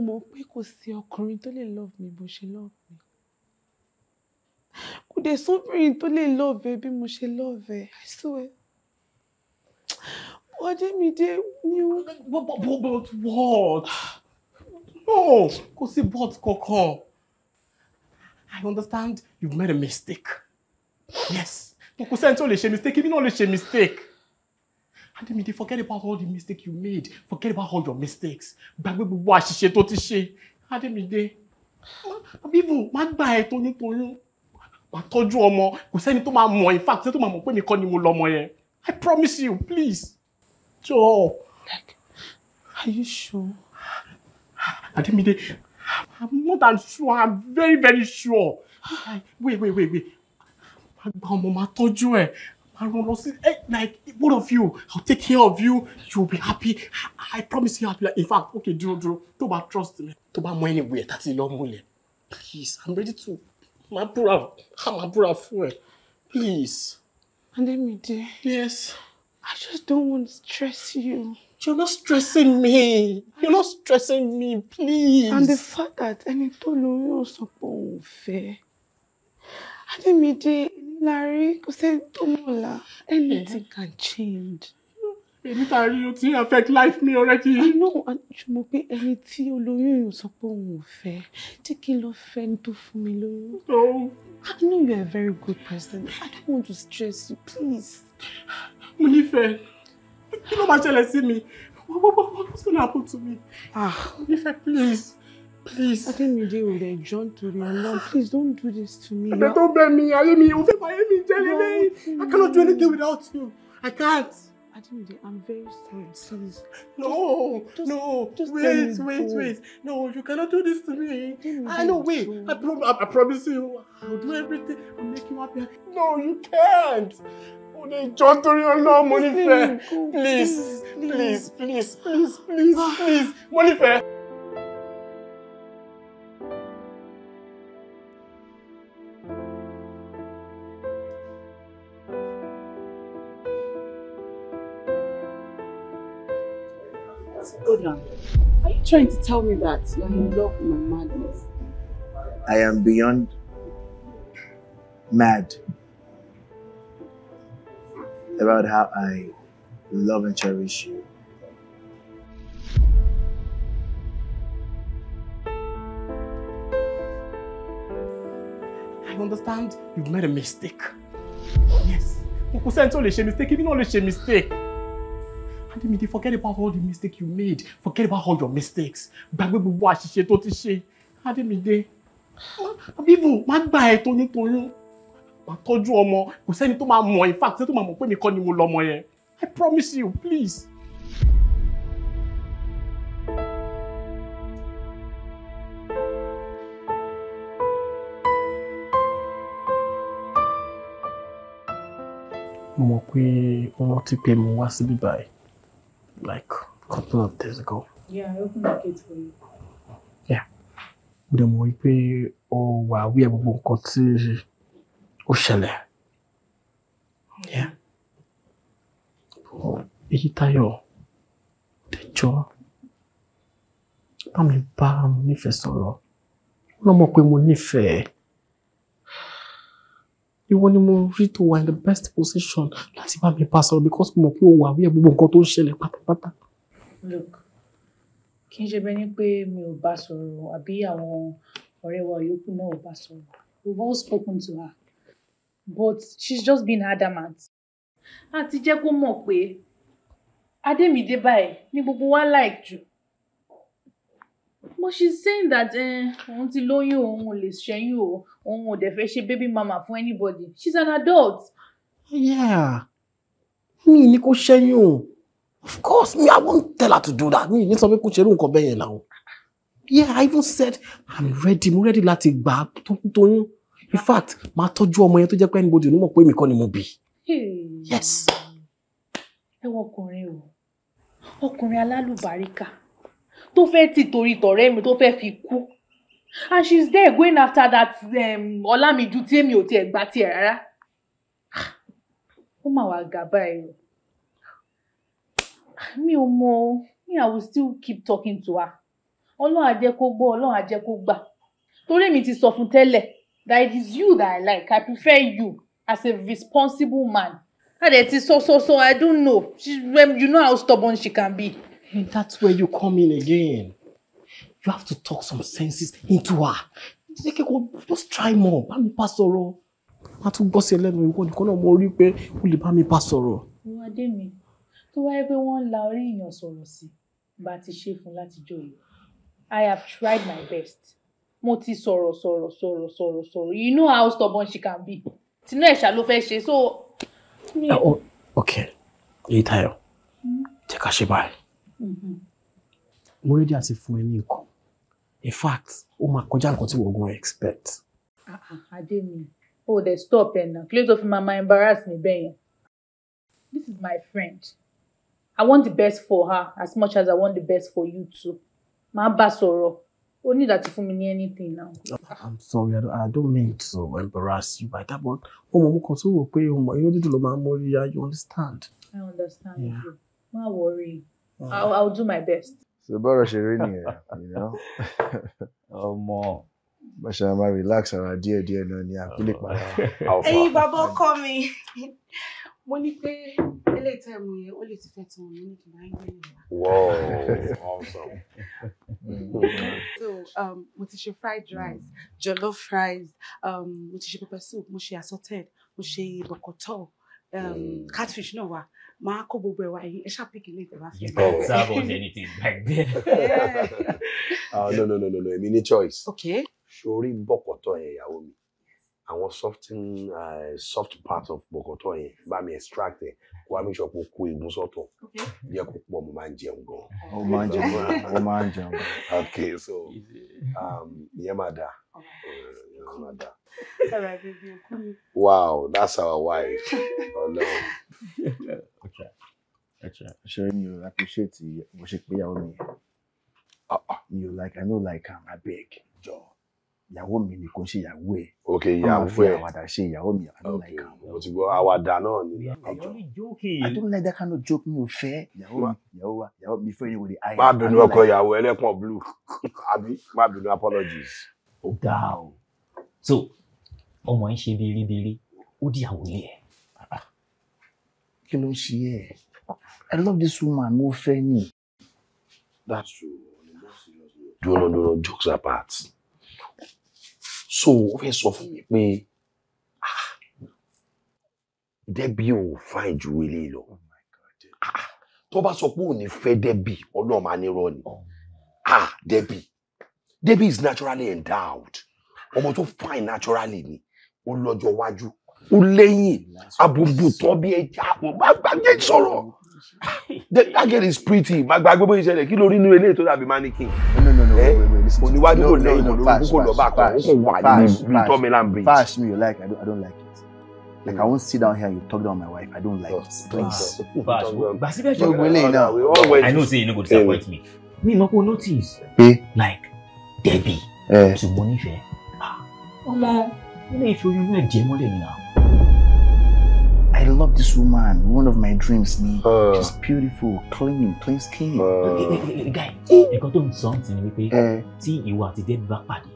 mo mọ̀ pé kò sí ọkùnrin tó lè love me, bó ṣe love me. kò dé sóbìnrin tó lè love ẹ bí mo ṣe love ẹ I swear ọjọ́ mi dé ní o. but but but what no kò sí but kankan I understand you've made a mistake yes kò sẹ́ni tó lè ṣe mistake èmi náà lè ṣe mistake. Adémídé forget about all the mistakes you made forget about all your mistakes gbàgbé gbogbo àṣìṣe to ti ṣe Adémídé bíbù má to ẹ toyúntoyún toju omo, ọmọ kò sẹ́ni tó máa mọ̀ in fact sẹ́ni tó máa mọ̀ pé mi kọ́ ni mo lọ́mọ yẹn I promise you please jọ like are you sure. Adémídé I'm more than sure I'm very very sure wait wait wait wait àgbà ọmọ toju tọ́jú ẹ̀ máa ràn lọ sí eh, like both of you I'll take care of you You'll be happy i, I promise be happy in fact okay dúró dúró tó bá trust me tó bá mọ That's the lọ múlẹ̀ please i'm ready to My máa búra máa Please. And then me, dear. Yes. I just don't want to stress you. You're not stressing me. You're not stressing me, please. And the fact that ẹni tó lóyún ọ̀sán And then me, dear. Larry, kò sẹ́ni tó mọ̀ la. Anything can change. Èmi tá a rí o ti affect life mi already. I know, ṣùgbọ́n pé ẹni tí olóyún yìí sọ pé òun ò fẹ́, jẹ́ kí n lọ fẹ́ ẹni tó fún mi lóyún. No. Oh. I know you are a very good person. I don't want to stress you, please. Mo nífẹ̀ẹ́. Kí ló máa ṣẹlẹ̀ sí mi? What, what, what's gonna happen to me? Ah. Mo nífẹ̀ẹ́, please. Please. I think Nide will enjoy to me. Now, please don't do this to me. But don't blame me. I me. Ufeba, I me. Tell me. I cannot do anything without you. I can't. Adimide, I'm very sorry. No, just, no. Just wait, wait, go. wait. No, you cannot do this to me. I know. Wait. I, prom I, I promise you, I'll do everything. I'll make you happy. No, you can't. John Toriolo, Monife. Please, please, please, please, please, please, please, Monife. are you trying to tell me that you are in love with my madness? I am beyond mad about how I love and cherish you. I understand you've made a mistake. Yes. Kò sẹ́ni tó lè mistake, ibi náà lè mistake. Adémídé, forget about all the mistakes you made. Forget about all your mistakes. Gbàgbé gbogbo àṣìṣe tó ti ṣe. Adémídé, bíbù má gbà ẹ́ told you. tọ́jú ọmọ. Kò sẹ́ni tó máa mọ̀ in fact, sẹ́ni tó máa mọ̀ pé mi kọ́ ni mo lọ́mọ yẹn. I promise you, please. mo mọ̀ pé wọ́n ti pè mí wá síbí báyìí like a couple of days ago. Yeah, I opened the gate for you. Yeah. we dẹ̀ mọ̀ wípé o wà aware gbogbo nǹkan tí ó ṣẹlẹ̀. Yeah. Èyí Táyọ̀ tẹjọ́ bá mi bá mo nífẹ̀ẹ́ sọ̀rọ̀. Ó lọ́mọ pé a nífẹ̀ẹ́ ìwọ ni mo rí tó wà in the best position láti bá mi bá sọ̀rọ̀ because mo mọ̀ pé o wà wí ẹ̀ gbogbo nǹkan tó ń ṣẹlẹ̀ pátápátá. look kì í ṣe bẹ́ẹ̀ ni pé mi ò bá sọ̀rọ̀ àbí àwọn ọ̀rẹ́ wa yòókù náà ò bá sọ̀rọ̀ we've all spoken to her but she's just been adamant. a ti jẹ́ kó mọ̀ pé adémídé báyìí ni gbogbo wa like jù but she's saying that eh, òun ti lóyún òun ò lè ṣẹ́yún o òun ò dẹ̀ fẹ́ ṣe baby mama fún anybody she's an adult. yeah mi ni kò ṣẹ́yún o of course me i won't tell her to do that mi ní sọ pé kò ṣerú nǹkan bẹ́ẹ̀ yẹn náà yeah i even said i'm ready mo ready láti gbà á tó ń toyún in fact máa tọ́jú ọmọ yẹn tó jẹ́ pé anybody ò ní mọ̀ pé èmi kọ́ ni mo bí. yes. ẹ wọ ọkùnrin o ọkùnrin alálùbáríkà tó fẹ́ tì torí tọ̀rẹ́ mi tó fẹ́ fi kú and she's there going after that um, ọlámìjú tí èmi ò tiẹ̀ gbà tiẹ̀ rárá ó mà wá gà báyìí o mi ò mọ me i will still keep talking to her ọlọ́run á jẹ́ kó gbọ́ ọlọ́run á jẹ́ kó gbà torí èmi ti sọ fún tẹ́lẹ̀ that it is you that i like i prefer you as a responsible man. I did so so so I don't know. She, um, you know how stubborn she can be. And that's where you come in again. You have to talk some senses into her. Just try more. Bá mi bá sọ̀rọ̀. Má tún gbọ́ sí ẹlẹ́nu ìwọ nìkan náà mo rí pé o lè bá mi bá sọ̀rọ̀. Ìwọ adé mi, tó wáyé pé wọ́n ń la orí èèyàn sọ̀rọ̀ sí, bá ti ṣe fún látijọ́ yìí. I have tried my best. Mo ti sọ̀rọ̀ sọ̀rọ̀ sọ̀rọ̀ sọ̀rọ̀ sọ̀rọ̀. You know how stubborn she can be. Tinú ẹ̀ṣà ló fẹ́ ṣe so. Oh, okay, Ìtayọ̀, jẹ́ ká ṣe báyìí mo rédí àti fún ẹ ní nǹkan in fact ó máa kọjá nǹkan tí wọ́n gan expect. Ah, ah, adé mi o dey stop ẹ na close of mama embarrass me bẹ́ẹ̀ yẹn this is my friend i want the best for her as much as i want the best for you too máa bá sọ̀rọ̀ o need láti fún mi ní anything now. i'm sorry i don't, I don't mean to embarrass you by that but ọmọ mo kàn tó wò pé ọmọ yóò dídùn ló máa ń mórí ya you understand. i understand yeah. má worry. I'll, I'll do my best. So bọ́rọ̀ ṣe you know. oh Bá ṣe máa relax ara díẹ̀ díẹ̀ dear ní àpílẹ̀ para. Ẹyin bàbá ọkọ mi, mo ní pé eléyìí tá ìmọ̀ yẹn ó lè ti fẹ́ tí mo ní ní kí Wow, awesome. so um, mo ti fried rice, jollof rice, um, mo ti pepper soup, mo ṣe assorted, mo ṣe bọ̀kọ̀tọ̀, um, mm. catfish no wa máa kó gbogbo ẹwà yìí ẹ ṣàpèkì lè tẹ bá fẹ́. anything back there. ah uh, no no no no no I mean, ní choice. okay. sori bọkọtọ yẹn I mi àwọn soften uh, soft part of bọkọtọ yẹn bá mi extract ẹ kó wá mi sọ pé kó egun sọtọ jẹ kó pọ mo máa ń jẹun gan. ó máa ń jẹun gan ó máa okay so um, ìyẹn máa dáa. wow, that's our wife. oh no try i try. ṣeré mi ò appreciate you, ṣe pé ìyàwó mi yẹn ah, ah, like i know like am abeg jọ ìyàwó mi ni kò ṣe ìyàwó ẹ. ok ìyàwó ẹ àwàdà ṣe ìyàwó mi i no like am. mo ti gbọ́ àwàdà náà ni. i don't like that kind of joke mi ò fẹ́. ìyàwó mi hmm. ìyàwó wa ìyàwó mi fẹ́ ni wò lè ayé. má bínú ọkọ ìyàwó ẹlẹ́pọ̀n blue àbí má bínú apologies. ó dáa o so ọmọ yín ṣe bíríbírí ó dí àwòlé ẹ̀ kí ló ń ṣe ẹ i love this woman mo fẹ́ ni. that's true dúró dúró jokes apart so ó fẹ́ sọ fún mi pé ah, Debbie ò fáìn ju eléyìí lọ oh ah, tó bá sọ pé ò ní fẹ́ Debbie ọlọ́run máa ní rọ ni oh. ah Debbie Debbie is naturally endowed ọmọ tó fáìn naturally ni ó lọ́jọ́ iwájú ó lẹ́yìn àbùbùtọ́ bí ẹja mo má gbàgbé sọ̀rọ̀ that girl is pretty má gbàgbé bóyá ìṣẹ̀lẹ̀ kí lórí inú eléyìí tó dàbí mannequin eh? oníwájú kò lẹ́yìn olórí kò lọ́ba kan ó kò wà ní tọ́mìlan bridge. pass me you like I don't, I don't like it. Like I hmm. won't sit down here and you talk down my wife. I don't like oh, it. Please. But see, I know say you no go eh. disappoint me. Me no go notice. Pé. Eh? Like Debbie. Ṣùgbọ́n nífẹ̀ẹ́. Ah. Ọmọ ilé ìfẹ́ oyún náà jẹ́ mọ́lẹ̀ nínú àwọn. I love this woman. One of my dreams me. Uh, She's beautiful, clean, clean skin. Uh. Guy, nǹkan tó ń sọ ọ́n ti ni wípé eh. tí ìwà àti dẹ́bi bá pàdé,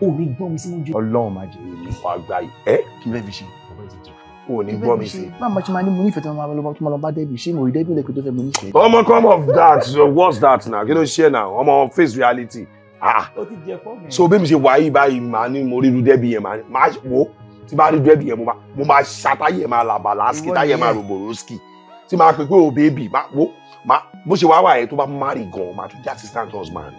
o ní gbọ́ mi sí ojú. Ọlọ́run máa jẹ èmi fún àgbà yìí. Ẹ eh? kí lẹ́bi ṣe. Ọba ti jẹ fún o ní gbọ́ mi sí. Máa ma ṣe máa ní mo nífẹ̀ẹ́ tí wọ́n máa lọ tí wọ́n lọ bá ṣé mo rí dẹ́bi lẹ́kọ̀ọ́ tó fẹ́ mo nífẹ̀ẹ́. Ọmọ come off that what's that now? Kí ló ṣe now? Ọmọ face reality. Ah! O ti jẹ fọ́ So bí mi ṣe wà yìí báyìí màá ní mo rí irú dẹ́bi yẹn màá wò tí bá rí dúrẹ́dì yẹn mo máa ṣàtàyè máa làbàlà ski táyè máa rògbòrò tí máa pè pé o bèbí máa wo bó ṣe wá wà yẹn tó bá marry gan máa tún jẹ́ assistant husband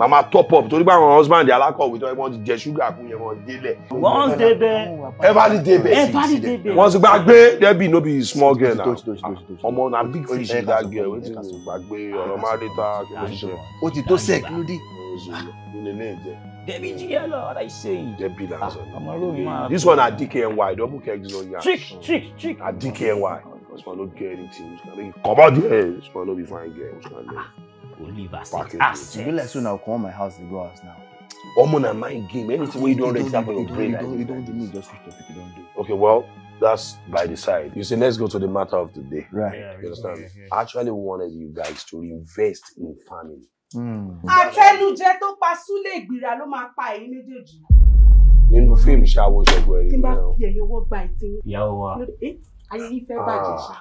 máa máa top up torí báwọn husband alákọ̀wé tó wọ́n ti jẹ ṣúgà kú yẹn wọ́n délẹ̀. wọ́n dé bẹ́ẹ̀ everly dé bẹ́ẹ̀ wọ́n ti gbàgbé debbie no be small girl na ọmọ na big fish in that girl wetin gbàgbé ọ̀rọ̀ máa dé ta kí o ti tó sec lódì. David here, Lord, I say. Debbie Lanson. Ah, This one at DKNY, double care is on your Trick, trick, trick. At DKNY. This one not get anything. come out here. This one not be fine girl. This one not. Ah, Oliver, assets. You let soon I'll call my house, they go house now. Woman and mind game, anything where you don't example for your brain. You don't, you don't do me, just switch topic, you don't do. Okay, well, that's by the side. You see, let's go to the matter of the day. Right. Yeah, you understand? Yeah, yeah. I actually wanted you guys to invest in family. Hmm. àtẹnujẹ tó pa súlé ìgbìrà ló máa pa èyí méjèèjì. nínú fíìmù ṣàwọ ṣẹgun ẹrí ni. tí n bá fi ẹyẹ wọ gba ìtì. ìyàwó wa ayé ìfẹ́ bàjẹ́ ṣá.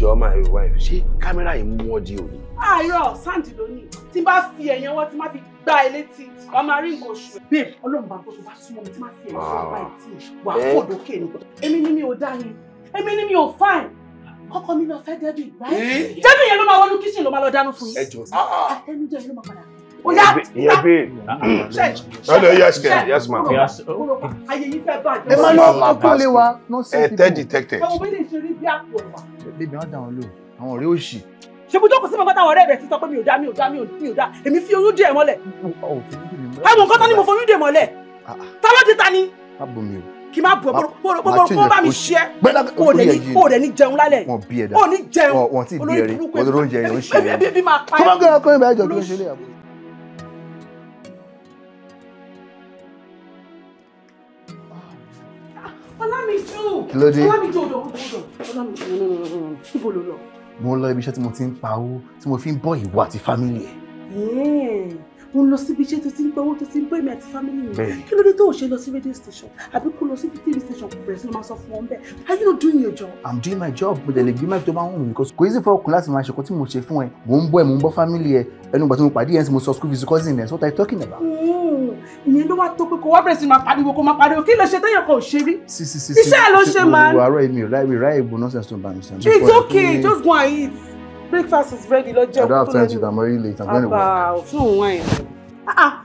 jọ máa wáyé ṣé kámẹ́rà yìí mú wọn di òní. àárọ̀ sáǹdì lónìí tí n bá fi ẹ̀yàn wọ́n tí n bá fi gba ilé tí wàá máa rí nǹkan oṣù. babe ọlọ́run bá gbọ́dọ̀ bá súnmọ́ mi tí n bá fi ẹ̀yàn wọ́n gba ah. ìtì wàá fò lókè ni. èmi ni mi ò dá yín èmi kọ́kọ́ mi lọ fẹ́ dẹ́bì báyìí dẹ́bì yẹn ló máa wọnú kíṣìn ló máa lọ dáná fún yín àtẹnudẹ yẹn ló máa padà. Oya ìyẹn bẹ́ẹ̀ ọlọ yes ken yes ma. ẹ máa lọ ọkọ lé wa nọ́ọ̀sì ìbò. ẹ tẹ́ detected. ọmọ mi lè ṣe rí bí àpò ẹ̀wà. bébí wọn dàn án lò àwọn ọ̀rẹ́ òṣì ṣebújọ́ kò sí mọ̀ kọ́tà ọ̀rẹ́ rẹ̀ ti sọ pé mi ò dá mi ò dá mi ò dá èmi fi oyún dè mọ́lẹ̀. àwọn nǹkan tán ni mo foyún dè mọ́lẹ̀. ta ló ti ta ni. má bomi o kí má bọ̀ bọ́rọ̀ bá mi ṣe ó dẹ̀ ní jẹun lálẹ́ ó ní jẹun olórí burúkú ẹ̀ bí máa pa ẹ̀. Ọlámìjú. Kí ló dé? Ọlámìjú odò odò. Ọlámìjú no no no no. Ibo ló lọ? Mo lọ ibi iṣẹ́ tí mo ti ń pa owó tí mo fi ń bọ́ ìwọ àti fámílì ẹ̀ mo lọ síbi iṣẹ́ tó ti ń gbọ́ owó tó ti ń gbọ́ èmi àti fámìlì mi kí ló dé tó ò ṣe lọ sí radio station àbí kó lọ sí tv station kò bẹ̀rẹ̀ sí ló máa sọ fún wọn bẹ́ẹ̀ are you not doing your job. i'm doing my job mo dẹ̀ lè gbé máìkì tó bá ń wù because kò easy for ọkùnrin láti máa ṣe kó tí mo ṣe fún ẹ mò ń bọ́ ẹ mò ń bọ́ fámìlì ẹ ẹnu ìgbà tí mo pàdé ẹ mo sọ school fees cousin ẹ so what are you talking about. Hmm. ìyẹn ló wá tó pé kó wá bẹ̀rẹ̀ sí máa pariwo kó máa pariwo kí ló ṣe téèyàn kan ò ṣe rí. iṣẹ́ ló ṣe máa ń. àárọ̀ èmi ò ráyè gbóná sẹ́ńsì bá mi sẹ́ńsì. it's okay just go and eat breakfast is ready lọ jẹun. I don't have time to eat I'm very late I'm going to work. àbá òfin òun wáyé.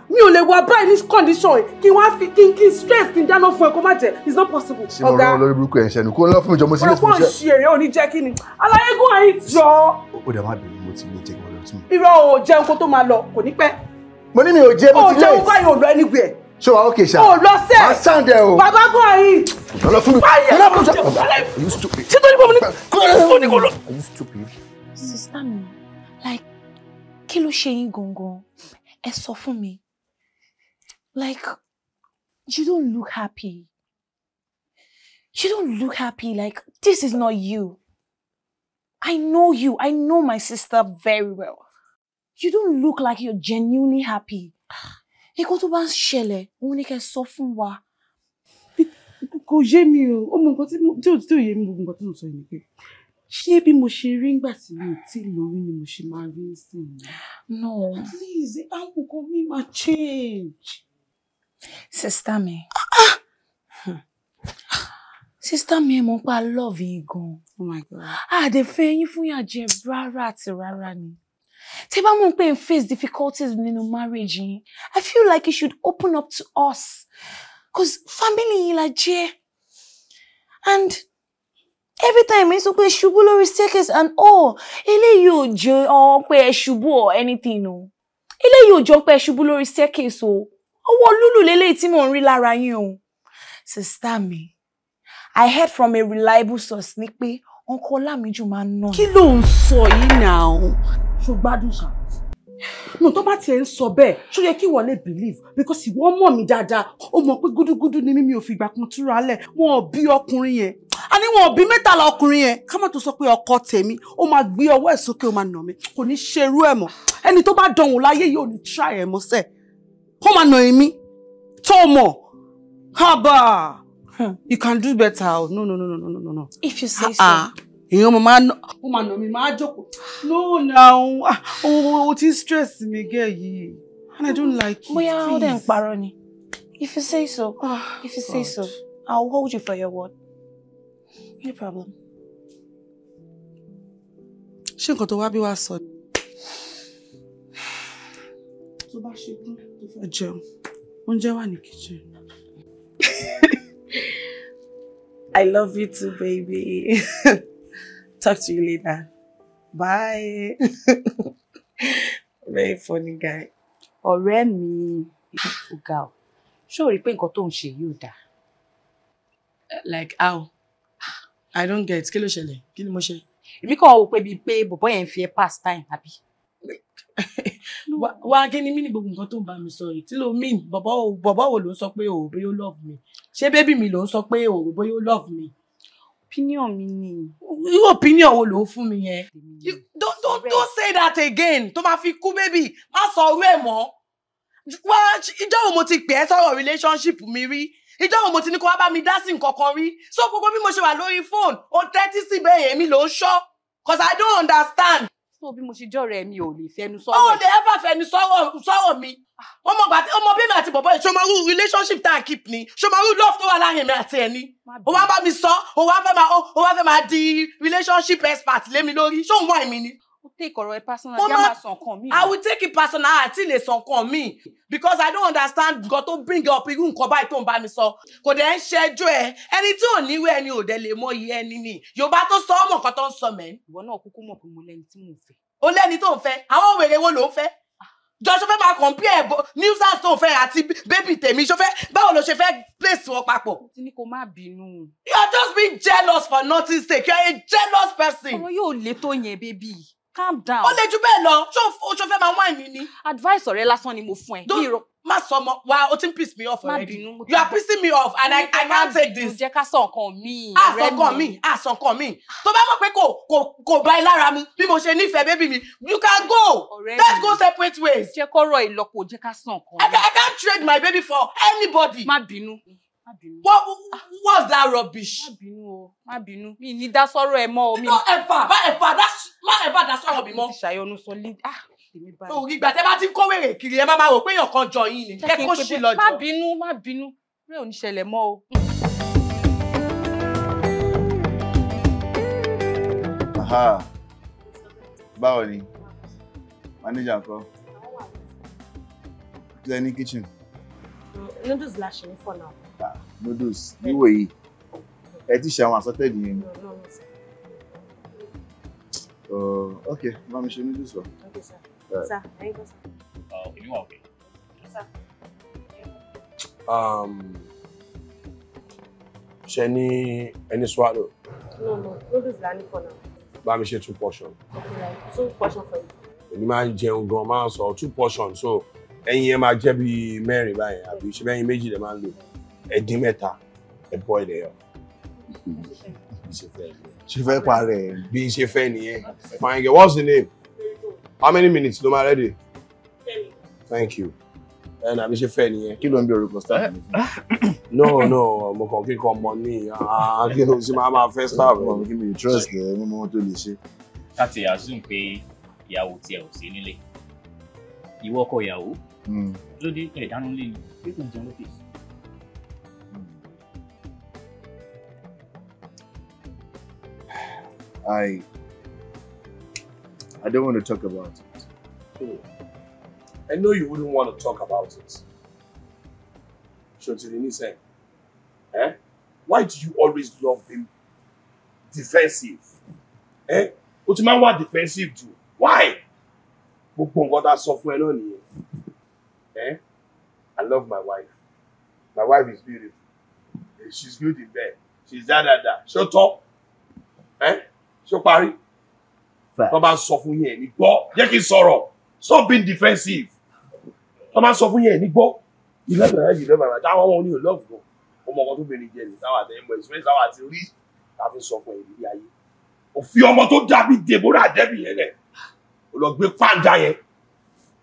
mi ò lè in this condition yìí kí wọ́n fi kí n stress kí n dáná fún ẹ kó má it's not possible. ṣé mo rán olórí burúkú ẹ̀ ń ṣẹnu kó ń lọ fún mi jọ mo ti lè fún iṣẹ́. ọlọ́pàá ń ṣe èrè òní jẹ́ kí ni aláyégún àyè jọ. ó dẹ̀ má bẹ̀rẹ̀ mo ti lè jẹ́ kí wọ́n lọ tún. o jẹun kó tó máa lọ kò ní pẹ́. mo ní mi ò jẹ mo ti late. o jẹun báyìí ò lọ anywhere So, wàá ókè ṣá. o lọ sẹ. máa stand there. o. bàbá bọ̀ yìí. lọ fún mi. báyìí ẹ̀ ló ń you stupid. ṣé tó ní bọ́ mi ní. kúrò ní kò you stupid. Mm. Sister, mi, like, kí ló ṣe yín gangan? Ẹ sọ fún mi. Like, you don't look happy. You don't look happy. Like, this is not you. I know you. I know my sister very well. You don't look like you're genuinely happy. Nǹkan tó bá ń ṣẹlẹ̀, òun ni kẹ́ sọ fún wa. Kò yé mi o, ó mọ nǹkan tí ò yé mi gbogbo nǹkan tó ń sọ yìí pé ṣé bí mo ṣe rí ngbà tí mi ò tí lórí ni mo ṣe máa rí sí i. no please àwọn nǹkan mi máa change. sista mi ah, ah. hmm. sista mi mo pa love yín gan. oh my god. àdèfẹ́ yín fún yàjẹ rárá àti rárá ni. Tẹ́ bá mọ̀ pé face difficulties nínú marriage yín. I feel like you should open up to us. Cause family yín la jẹ́. And every time ẹ sọ pé ṣubú lórí staircase and all eléyìí ò jẹ ọ pé ẹ ṣubú or anything o eléyìí ò jọ pé ẹ ṣubú lórí staircase o ọwọ́ Lulu, lélẹ́yìí tí mò ń rí lára yín o sista mi i heard from a reliable source ni pé uncle Ọlámìjú máa ń ná. kí ló ń sọ yìí náà ṣùgbádùn ṣáà No, tó bá tiẹ̀ ń sọ bẹ́ẹ̀ ṣó yẹ kí wọ́n believe because ìwọ mọ̀ mí dáadáa ó mọ̀ pé gúdúgúdú ni mímí ò fi ìgbà kan túra lẹ̀ wọn ò bí ọkùnrin yẹn a ní wọn ò bí mẹ́tàlá ọkùnrin yẹn ká má tó sọ pé ọkọ tèmi ó máa gbé ọwọ́ ẹ̀ sókè ó máa nà mí kò ní ṣerú ẹ̀ mọ́ ẹni tó bá dánwò láyé try ẹ̀ mọ́ sẹ́ẹ̀ ó máa nà èmi tó mọ̀ haba hmm. you can do better no no no no no no no. if you say so èèyàn mo máa ó máa nà mí máa jókòó no na o ah, ti stress mi gẹ́ yìí and i don't like it. bóyá ó dẹ̀ ń parọ́ ni if you say so ah, if you say so i will hold you for your word no problem. ṣé nǹkan tó wá bí wá sọ ni. tó bá ṣe tán tó jẹun oúnjẹ wà ní kitchen. I love you too, baby. Talk to you later. Bye. Very funny guy. Ọ̀rẹ́ mi, ọ̀gá o, ṣé o rí pé nǹkan tó ń ṣe yóò dáa? Like how? I don't get kí ló ṣẹlẹ̀ kí ni mo ṣe. Èmi kàn wò pé bíi pé bọ̀bọ̀ yẹn ń fi ẹ pass time àbí. Wá kí ni mí ní gbogbo nǹkan tó ń bá mi sọ yìí tí ló mean bọ̀bọ̀ wo ló ń sọ pé òòbó oh, yóò love me ṣé bébì mi ló ń sọ pé òòbó oh, yóò love me opinion mi ni. irú opinion wo ló ń fún mi yẹn. don't don't don't say that again tó máa fi kú bébì má sọ orú ẹ̀ mọ́. wá ìjọ́ wo mo ti pè ẹ́ sọ̀rọ̀ relationship mi rí ìjọ́ wo mo ti ní kó wá bá mi dá sí nǹkan kan rí so gbogbo bí mo ṣe wà lórí fóònù o tẹ́tí síbẹ̀ yẹn mi ló ń ṣọ́ cause I don't understand so bí mo ṣe jọ̀rọ̀ ẹ̀ mi ò lè fẹnu sọ̀rọ̀. ó lè ẹ́ bá fẹnu sọ̀rọ̀ mi ah. ọmọ bàtí ọmọ bí mi àti bọ̀bọ̀ yìí ṣọmọrú relationship tá a keep ni ṣọmọrú love tó wà láàrin mi àti ẹni ó wá bá mi sọ ó wá fẹ́ máa ó wá fẹ́ máa di relationship expert lé mi lórí ṣóun wá èmi ni take ọ̀rọ̀ ẹ personal kí mi. I will take it personal until ah, lè sàn call me because I don't understand nǹkan to bring up irú koba báyìí tó ń bá mi sọ kò dẹ̀ ń ṣẹjọ́ ẹ ẹni tí ò níwẹ̀ ẹni ò dẹ̀ lè mọ iye ẹni ni Yorùbá tó sọ no nǹkan tó ń sọ mẹ́. ìwọ náà kúkú mọ̀ pé mo lẹni tí mo fẹ́. o lẹni tó ń fẹ́ àwọn wèrè wo ló ń fẹ́ jọ́sọ́ fẹ́ máa compare new stars tó fẹ́ àti baby tèmi ṣọ́ fẹ́ báwo ló ṣe place wọn back. mo you are just being jealous for nothing sake you are a jealous person. Oh, you little tó yẹn calm down. ó lè jù bẹ́ẹ̀ lọ ṣó fẹ́ máa wáìn mi ni. advice ọ̀rẹ́ lásán ni mo fún ẹ. don't má sọ ọmọ wa o ti ń piss me off already you are pissing me off and i i can't take this. jẹ́ ká sọ nǹkan mi. a sọ nǹkan mi a sọ nǹkan mi tó bá mọ̀ pé kò kò kò bá ẹ lára mu bí mo ṣe nífẹ̀ẹ́ bébì mi you can go let's go separate ways. jẹ́ kọ́rọ̀ ìlọ́po jẹ́ ká sọ nǹkan i can't trade my baby for anybody. má bínú. What, was that rubbish? Ma binu, o, má bínú. Mi ní dá sọ́rọ̀ ẹ mọ́ o. No ever, má ever, má ever dá sọ́rọ̀ mi ah, mọ́. Ṣàyọnu sọ lé. Òògùn ah, ìgbà tẹ́ bá ti ń kó wèrè kiri ẹ má máa rò pé èèyàn kan jọ yín ni. Kẹ́kọ̀ọ́ sí lọ́jọ́. Má bínú, má bínú. Rẹ́ ò ní ṣẹlẹ̀ mọ́ o. Aha. Báwo ni? Manager ńkọ́? Cleaning kitchen. Noodles la ṣe ní for now noodles níwò yìí ẹ ti ṣe àwọn assorted yẹn ni oh, ok bá mi ṣe noodles wa. ṣe ah, ní um, ẹni swallow. no no noodles la ní kọ́nà. bá mi ṣe two portion. okay like two portion for you èmi máa ń jẹun gan máa ń sọ two portions so ẹyin yẹn máa jẹ́ bíi mẹ́rin báyìí àbí ṣe bẹ́yìn méjì lè máa ń lò ẹ dín mẹ́ta ẹ bọ́ ilẹ̀ yọ. ṣe fẹ́ parẹ́ bí ṣe fẹ́ nìyẹn fine what's the name how many minutes ló máa ready thank you ẹn àbí ṣe fẹ́ nìyẹn kí ló ń bí orúkọ staff no no mo kàn kíkọ mọ ní ah, kí ló ṣe máa máa fẹ́ staff mi. kí mi trust ẹ mo mọ tó lè ṣe. káàtì assume pé ìyàwó tiẹ̀ ò sí nílé ìwọ ọkọ ìyàwó hmm. lóde ẹ̀dánú lé ní pé kò ń jẹun lọ́fíìsì. I I don't want to talk about it. Cool. Hmm. I know you wouldn't want to talk about it. Shotirini said, eh? Why do you always love being defensive? Eh? O ti máa ń defensive jù. Why? Gbogbo nǹkan tá a sọ Eh? I love my wife. My wife is beautiful. She's good in bed. She's da da da. Shut up. Eh? ṣó parí tó bá sọ fún yẹn ní gbọ́ jẹ́ kí n sọ̀rọ̀ stop being defensive tó bá sọ fún yẹn ní gbọ́ ìlẹ́bẹ̀ rẹ̀ yìí lẹ́bẹ̀ rẹ̀ táwọn ọmọ oníyàn lọ́ọ̀fù gan ọmọ ọkọ tó bẹ̀rẹ̀ jẹ ní táwọn àtẹ̀yìnbọ̀ ìsúnmẹ́sì táwọn àti rí káfí sọ fún ẹ̀rí ayé òfin ọmọ tó dàbí dèbórà dẹ́bì yẹn lẹ̀ olọ́gbé pàǹdà yẹn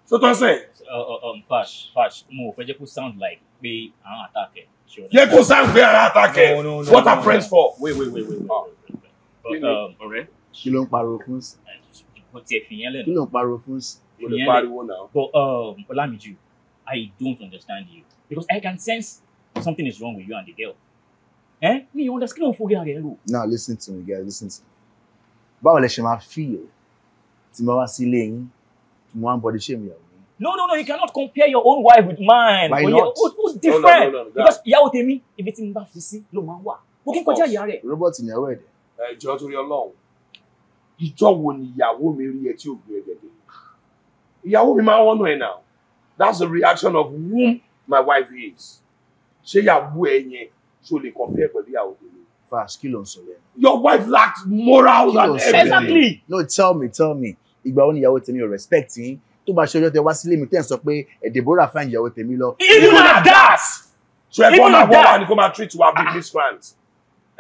tó tán sẹ́yìn. Uh, uh, um, fash fash mo fẹ́ jẹ́ kó sound like pé àwọn àtàkẹ́. jẹ́ kó sound pé àwọn àtàkẹ́ what are friends for. wait wait wait wait. wait. Um, ọ̀rẹ́. kí ló ń pariwo fún sí. mo tiẹ̀ fìyẹn lẹ́nu. kí ló ń pariwo fún sí. mo lè pariwo náà. but um, Ọlámìjì I don't understand you because I can sense something is wrong with you and the girl. Eh? mi ò understand òun fúri ààrẹ rò. now listen to me guys listen to me. báwo lẹ ṣe máa feel tí mo wá sí ilé yín tí mo wá ń body shame ìyàwó yín. no no no you cannot compare your own wife with mine. why not who's different no, no, no, no, because ìyàwó tèmi ibi tí mo bá fi sí ló máa wà. mo kí n kọjá ìyá rẹ. robert ìyàwó ẹ̀dẹ̀ ẹjọ torí Ọlọ́run ìjọ wo ni ìyàwó mi rí ẹ tí ò gbé ẹgbẹ ìyàwó mi máa wọnú ẹ náà that's the reaction of whom my wife is ṣé ìyàwó ẹ yẹn ṣó lè compare pẹ̀lú ìyàwó mi. fast kí ló ń sọ yẹn. your wife lacks morals and everything. exactly. no tell me tell me ìgbà wo ni ìyàwó tèmi ò respect yín tó bá ṣe ọjọ́ tẹ wá sílé mi tẹ́ ń sọ pé Deborah fine ìyàwó tèmi lọ. even at that. so ẹ̀gbọ́n náà wọ́n wà ní kó máa treat wa big miscreant. Ah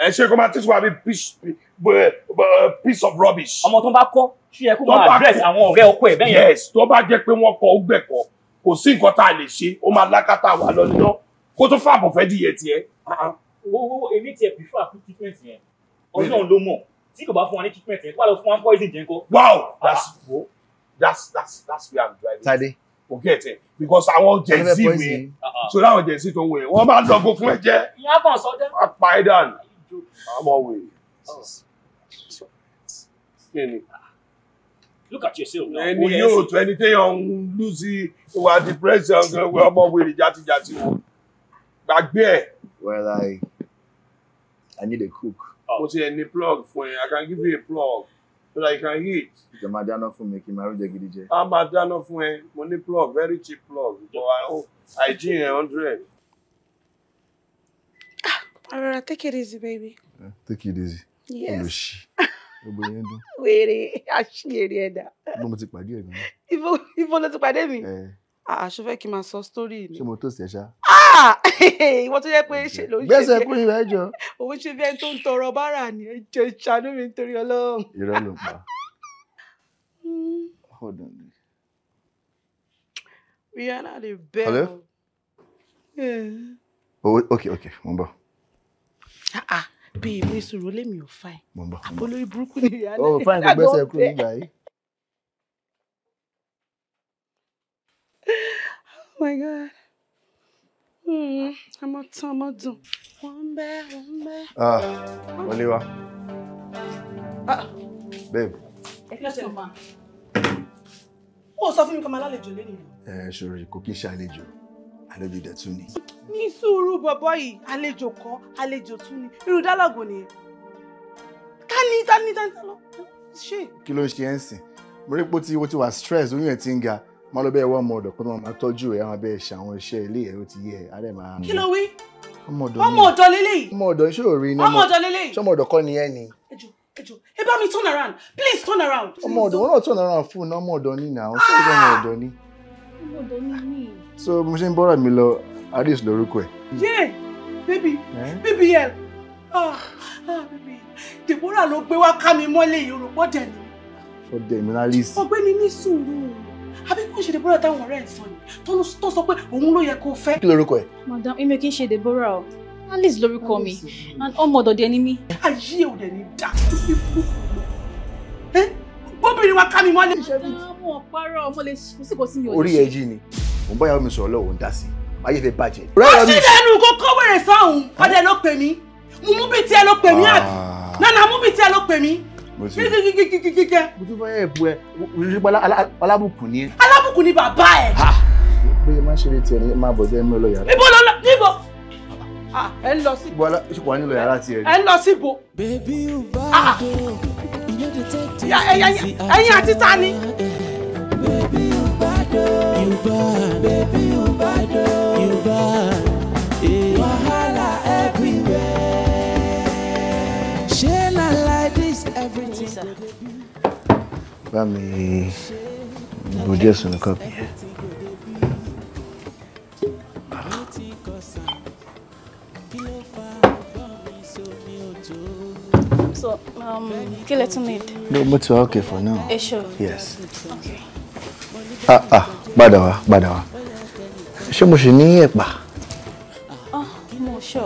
ẹ ṣe kó máa teach wa bí uh, piece of rubbish. ọmọ tó bá kọ́ ṣé ẹ kó máa address àwọn ọ̀rẹ́ ọkọ ẹ̀ bẹ́yẹn. yes tó bá jẹ́ pé wọ́n kọ ó gbẹ̀kọ́ kò sí nǹkan tá a lè ṣe ó máa lákàtà wà lọ nínú kó tó fàbọ̀ fẹ́ dìyẹ tiẹ̀. Ah, èmi tiẹ̀ prefer àpò treatment yẹn ọlọ́run ló mọ̀ tí kò bá fún wa ní treatment yẹn wà lọ fún wa poison jẹ́ nǹkan. wow ah, that's cool that's that's that's where i'm driving. tade kò gẹ̀ tẹ̀ because àwọn jẹ̀nsì mi ah, so láwọn jẹ̀nsì tó ń wẹ̀ wọ́n máa ń dọ̀gbọ̀ fún ẹ̀jẹ̀ apá ẹ̀dá ni. I'm always. Oh. Look at yourself now. Ẹni oh, yóò tó ẹni téèyàn ń lù sí ìwà depression ọmọ wèrè játijàti wọn. Gbàgbé ẹ̀. Well, I, I need a cook. Oh. Mo ti any plug for ẹ, I can give you a plug so that you can eat. The máa dáná fún mi kí n máa rí jẹgidi jẹ. A máa dáná fún ẹ, plug very cheap plug, but I hygiene oh, hundred. Arora, take it easy, baby. take it easy. Yes. Olùsí. Gbogbo yẹn dún. Wèrè àṣìyèrè ẹ̀dá. Ibo mo ti pàdé ẹ̀ gan-an. Ibo Ibo ló ti pàdé mi. Àṣọ fẹ́ kí n máa sọ sítórì mi. Ṣé mo tó ṣẹ̀ ṣá? Ìwọ tó yẹ pé ṣe ló ń ṣe. Gbẹ́sẹ̀ kú ìwà ẹ̀jọ̀. Òun ṣe bí ẹni tó ń tọrọ bárà ni ẹ jẹ́ ìṣàánú mi nítorí Ọlọ́run. Irọ́ ló pa. Hmm. on. Rihanna dey bẹ́ẹ̀ o. Okay, okay, mo ń bọ̀. Ah, bíi ìwé ìṣòro lèmi ò fa ẹ burúkú ni ìyá náà ò fa ẹ kò oh my god ọmọ hmm, tán ọmọ dùn wọn ń bẹ wọn ń bẹ. Ah, wọlé wa ah. babe. ẹ kí ló ṣe lè máa. ó sọ fún mi kọ́ máa lálejò lẹ́nu. ẹ ṣòro kò kí ń ṣe àlejò dẹ̀ ni. ní sùúrù bọ̀bọ̀ yìí àlejò kọ́ àlejò tún ni irú dálọ́gùn nìyẹn ká ní ká ní ká ní lọ ṣe. kí ló ń ṣe ẹ́ ń sìn mo rí pé tí o ti wà stress oyún ẹ̀ ti ń ga má lọ bẹ́ẹ̀ wá ọmọ ọ̀dọ̀ pé wọ́n máa tọ́jú ẹ̀ àwọn abẹ́ ṣe àwọn iṣẹ́ ilé ẹ̀ ó ti yẹ ẹ̀ á dẹ̀ máa. kí ló wí ọmọ ọ̀dọ̀ lélẹyìí ọmọ ọ̀dọ̀ ìṣòro rí ni ọmọ ọ̀dọ̀ lélẹyìí ṣọmọ ọ̀dọ̀ kọ́ ni ẹ ni. ẹ jọ̀ọ́ ẹ bá mi turn around please turn around. ọmọ ọ̀dọ̀ wọn náà turn around fún un ọmọ ọ̀dọ̀ ni nà ó ṣe é ọmọ ọ̀dọ̀ ni. ọmọ ọ̀dọ̀ ni mí so mo ṣe ń bọ́ra mi lọ aris lórúkọ ẹ̀. yeah baby yeah. baby yẹn ah ah baby deborah ló gbé wá ká mi mọ́lẹ̀ yìí rògbọ́ dẹ̀ ni. ọdẹ mi náà aris. ọ̀gbẹ́ni ní sùúrù àbí kò ń ṣe deborah táwọn ọ̀rẹ́ ẹ̀ sọ ni tó sọ pé òun ló yẹ kó fẹ́. kí lorúkọ ẹ. madam emi kì í ṣe deborah o alice lorúkọ mi and ọmọ ọ̀dọ̀dẹ ni mí. ayé ò dẹ̀ ní dá bóbìnrin wa ká mi mọ́lẹ̀. mo parọ́ mo lè kó sí kó sí mi ò lè ṣe. orí ẹ jí ni mo bá yàwó mi sọ̀rọ̀ lọ́wọ́ ń dá sí ayé fẹ́ bàjẹ́. ó sì lẹ́nu kó kọ́wéré sáhùn ọ̀dẹ ló pè mí mú bí tiẹ̀ ló pè mí àbí ah. nana mú bí tiẹ̀ ló pè mí kíkíkíkíkíkíkẹ́. mo tún fẹ́ ẹ̀bù ẹ olùdíjọba alábùkún ni. alábùkún ni bàbá ẹ. pé má ṣe lè tiẹ̀ ní máa bọ̀ jẹ́ ẹ̀mí ọlọ́yà. ibo ló lọ níbo ẹ ń lọ síbo. bọ́lá ṣùkọ́ wà nílò yàrá tiẹ̀. ẹ ń lọ síbo. bèbí ò bá a dùn ẹ̀yìn àti ta ni. bèbí ò bá a dùn. You bad, baby, you bad, oh. You bad, Wahala everywhere. Shey na like this everything. Bá mi bò díẹ̀ sínú kọ́ọ̀pù So, um, kí lẹ tún need? Mo ti wá okay for now. Ẹ ṣọ́. Yes. Okay. Ah ah padà wá padà wá ṣé mo ṣì ní ẹ̀pà. Ah, mo ṣọ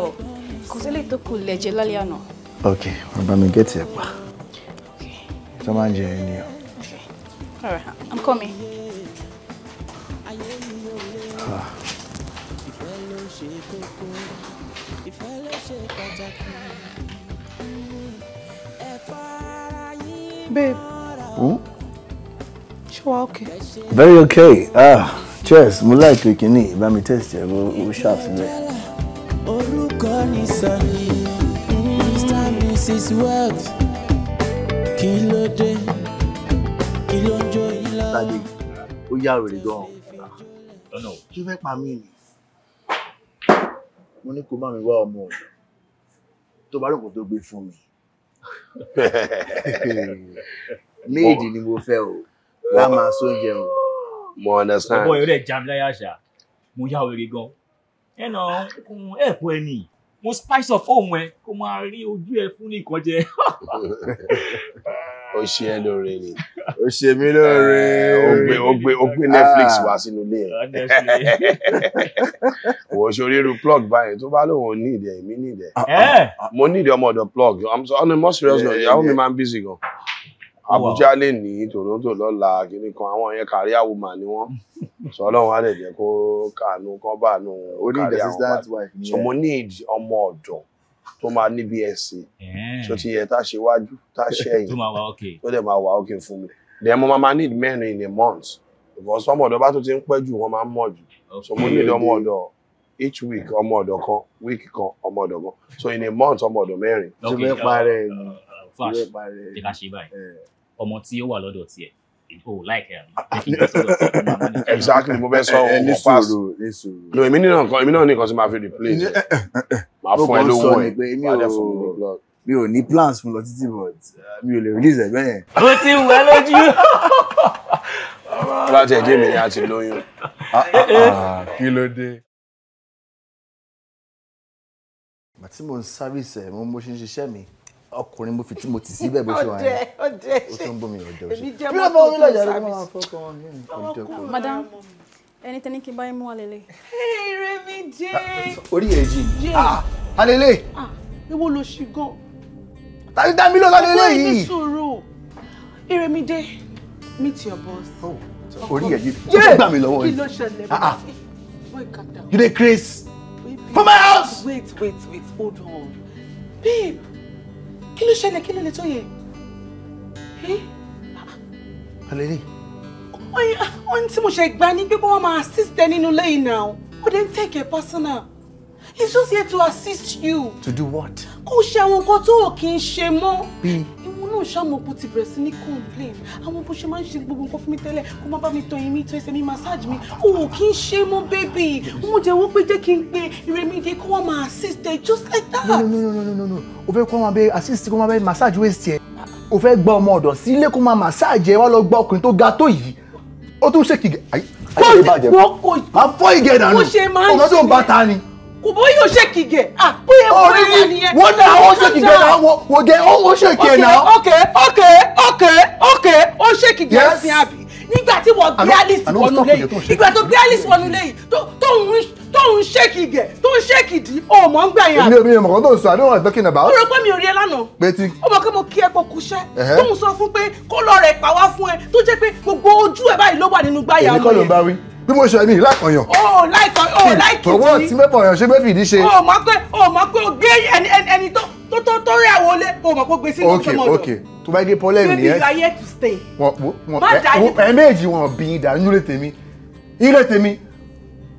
kò sílẹ̀ tó kù lẹ́jẹ̀ lálẹ́ àná. ok wọn bá mi gẹ́tì ẹ̀pà tó máa ń jẹ ẹni o. i'm coming. Ah. Babe. Hmm? okay. very okay ah cheers mo like kìíní ìbá mi test ẹ mo mo sharp síbẹ̀. orúkọ ni sọ̀rọ̀ mr and mrs no, kí ló dé kí ló ń jó yín lọ. tade ó yá mo ní kó bá mi wá ọmọ ni mo fẹ́ lá máa sóúnjẹ o. mo understand. ọ̀bọ̀ ìrẹ́ jam láyà ṣá mo yá òrè gan ẹ nà ẹ kú ẹ nì mo spice of ohun ẹ kó máa rí ojú ẹ fún nìkan jẹ. ó ṣe ẹ lóore ni. ó ṣe mí lóore. ó gbé ó gbé ó gbé netflix ah. wá sínú ilé rẹ. wò ó ṣorí irú plug báyìí tó bá lóun ò ní ìdẹ èmi ní ìdẹ. mo ní ìdẹ ọmọ ọ̀dọ̀ plug i'm so on a more serious note ìyàwó mi máa ń busy gan. Abuja lè ní Toronto lọ́la kìíní kan àwọn yẹn kárí àwòmà ni wọ́n sọ ọlọ́run á lè jẹ́ kó kàánú kan bá nu kárí àwọn so mo need ọmọ ọ̀dọ́ tó máa ní BSc tó ti yẹ tá a ṣe wájú tá a ṣe ẹ̀yìn tó dẹ̀ máa wà ókè fún mi then mo máa need mẹ́rin in a month because ọmọ ọ̀dọ́ bá tó ti ń pẹ́ jù wọ́n máa ń mọ̀ jù so mo need ọmọ ọ̀dọ́ each week ọmọ ọ̀dọ̀ kan week kan ọmọ ọ̀dọ̀ kan so in a month ọmọ ọ̀dọ̀ mẹ́rin. lọ́kì ìjọba fàṣ tí báyìí. Eh ọmọ tí ó wà lọ́dọ̀ tiẹ̀ o like ah, ah, ẹ exactly mo fẹ́ sọ ọmọ pass no èmi nínú nǹkan èmi náà ní nǹkan tí màá fi replace eh, eh, eh, màá fún ẹ lówó ẹ mi ò ní plans fún lọ títí but mi ò lè release ẹ bẹ́ẹ̀. o ti wù lójú. láti ẹ̀jẹ̀ mi ni a ti lóyún. Ah, kí ló dé. màtí mo ń sábìsì ẹ̀ mo ń bó ṣe mi ọkùnrin mo fi tí mo ti sí bẹ́ẹ̀ bó ṣe wà yẹn ó tún bómi ọjọ ṣe bí wọn bá lọ yàrá máa fọkàn wọn ní ọjọ kan. madam ẹni tẹni kí n bá yín mú wa lélẹ̀. èrè mi jẹ́ ah, orí ẹ̀ yìí alẹ́lẹ́. ewo ló ṣì gan. tàbí dá mi lọ lálẹ́lẹ́ yìí. ọkọ ẹni sòrò èrè mi meet your boss. Oh, orí ẹ̀ yìí ó ti gbà mí lọ́wọ́ yìí. kí ló ṣẹlẹ̀ ah, ah. you dey craze for my house. wait wait wait hold on babe kí ló ṣẹlẹ̀ kí ló lè tó yẹ. alẹ́lẹ́. ohun tí mo ṣe gbà ni pé kó wọ́n máa assist ẹ nínú lẹ́yìn náà ó dé ń take a personal. He's just here to assist you. To do what? Kò ṣe àwọn nǹkan tó ò kí ń ṣe mọ́. Bí? Ìwọ náà ṣàmọ̀pọ̀ ti bẹ̀rẹ̀ sí ní complain. Àwọn bó ṣe máa ń ṣe gbogbo nǹkan fún mi tẹ́lẹ̀ kó má bá mi tọ èmi tọ ẹsẹ̀ mi massage mi. O ò kí ń ṣe mọ́ bébì. Mo jẹ́ wọ́n pé jẹ́ kí n pe ìrẹ́mìdè kó wọ́n máa assist ẹ just like that. No no no no no no. O fẹ́ kó wọn bẹ assist kó wọn bẹ massage waist yẹn. O fẹ́ gba ọmọ ọ̀dọ̀ sí ilé kó máa massage ẹ wá lọ gba ọkùnrin tó ga tó yìí. Ó tún ṣèkì. Kó o ti wọ́n kò. Máa fọ́ ìgẹ̀dà ṣe máa ń ṣe kò bó yóò ṣe kìgẹ̀ àpéyẹ wọlé wà nìyẹn. wọ́n náà ó ṣe kìgẹ̀ náà wọ́n gẹ̀ ó ṣe kìgẹ̀ náà. ok ok ok ok ó ṣe kìgẹ̀ ẹ̀sìn àbí nígbà tí wọ́n gbé alice wọnú lẹ́yìn nígbà tó gbé alice wọnú lẹ́yìn tó ń ṣe kìgẹ̀ tó ń ṣe kìdí o mọ̀ ń gbẹ̀yìn àbí. mi ò mọ̀ kó tó ń sọ àdéhùn ọ̀dọ́ kìnnà bá. ó rò pé mi ò rí ẹ lánàá. pé tí. ó mọ̀ pé mo kí ẹ pé kú iṣẹ́. tóun sọ fún pé kó lọ rẹ̀ pàwá fún ẹ tó jẹ́ pé gbogbo ojú ẹ báyìí ló wà nínú gbáyà ọmọ yẹn. èmi kọ́ ló ń bá wí bí mo ṣe mi láìkọyàn. o oh, láìkọ o oh, láìkìtì. tòwọ́ tí mẹ́fọ̀ yàn ṣe mẹ́fì ní ṣe. o oh, mọ̀ pé o mọ̀ pé o gé ẹni ẹni tó tó tó tó rí àwọn olè o mọ̀ pé o gbé sínú ọmọdé. ok ok tó bá gé pọ́lẹ́ mi yẹn. baby you are here to stay. wọn wọn ẹ méjì wọn bí i dànù ilé tèmi ilé tèmi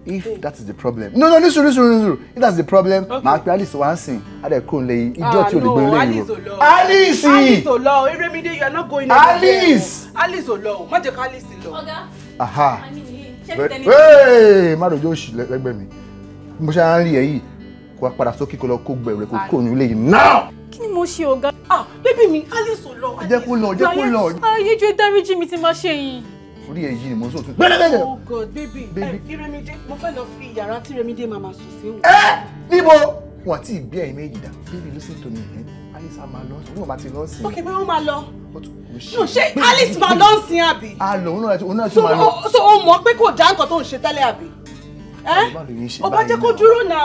if that is the problem no no nisun nisun nisun if that's the problem màá pe alice wansin adekun leyi ijó tí o lè ah, gbẹ̀rún lẹ́yìn o alice alice o lọ eremide you are not going anywhere alice alice o lọ o má jẹ́ ká alice lọ. ọ̀gá i mean má rojú òṣì lẹ́gbẹ̀ẹ́ mi mo ṣe à ń rí ẹ yìí kó wa padà sókè kó lọ kó gbẹ̀rẹ̀ kó kúrò nílé yìí náà. kí ni mo ṣe ọ̀gá. ah bébí mi alice lọ. jẹ́ kó lọ jẹ́ kó lọ. ayé ju dáríjì mi ti máa ṣe yìí. orí ẹ yìí ni mo ń sọ tún. gbẹdẹgbẹdẹ. oh god bébí ẹ iremide mo fẹ́ lọ fi yàrá tí iremide máa ma sùn sí. ẹ eh, níbo wọn àti ìgbé ẹ̀yin méjì dá bébí ló sì tó ní ìgbé. Alice a máa lọ sí òun náà máa ti lọ sí. ok pé wọ́n máa lọ no ṣé Alice máa lọ sí àbí. a lọ òun náà òun náà tún máa lọ. so o mọ̀ pé kò dá nǹkan tó ń ṣe tẹ́lẹ̀ àbí. ọba jẹ́ kó dúró náà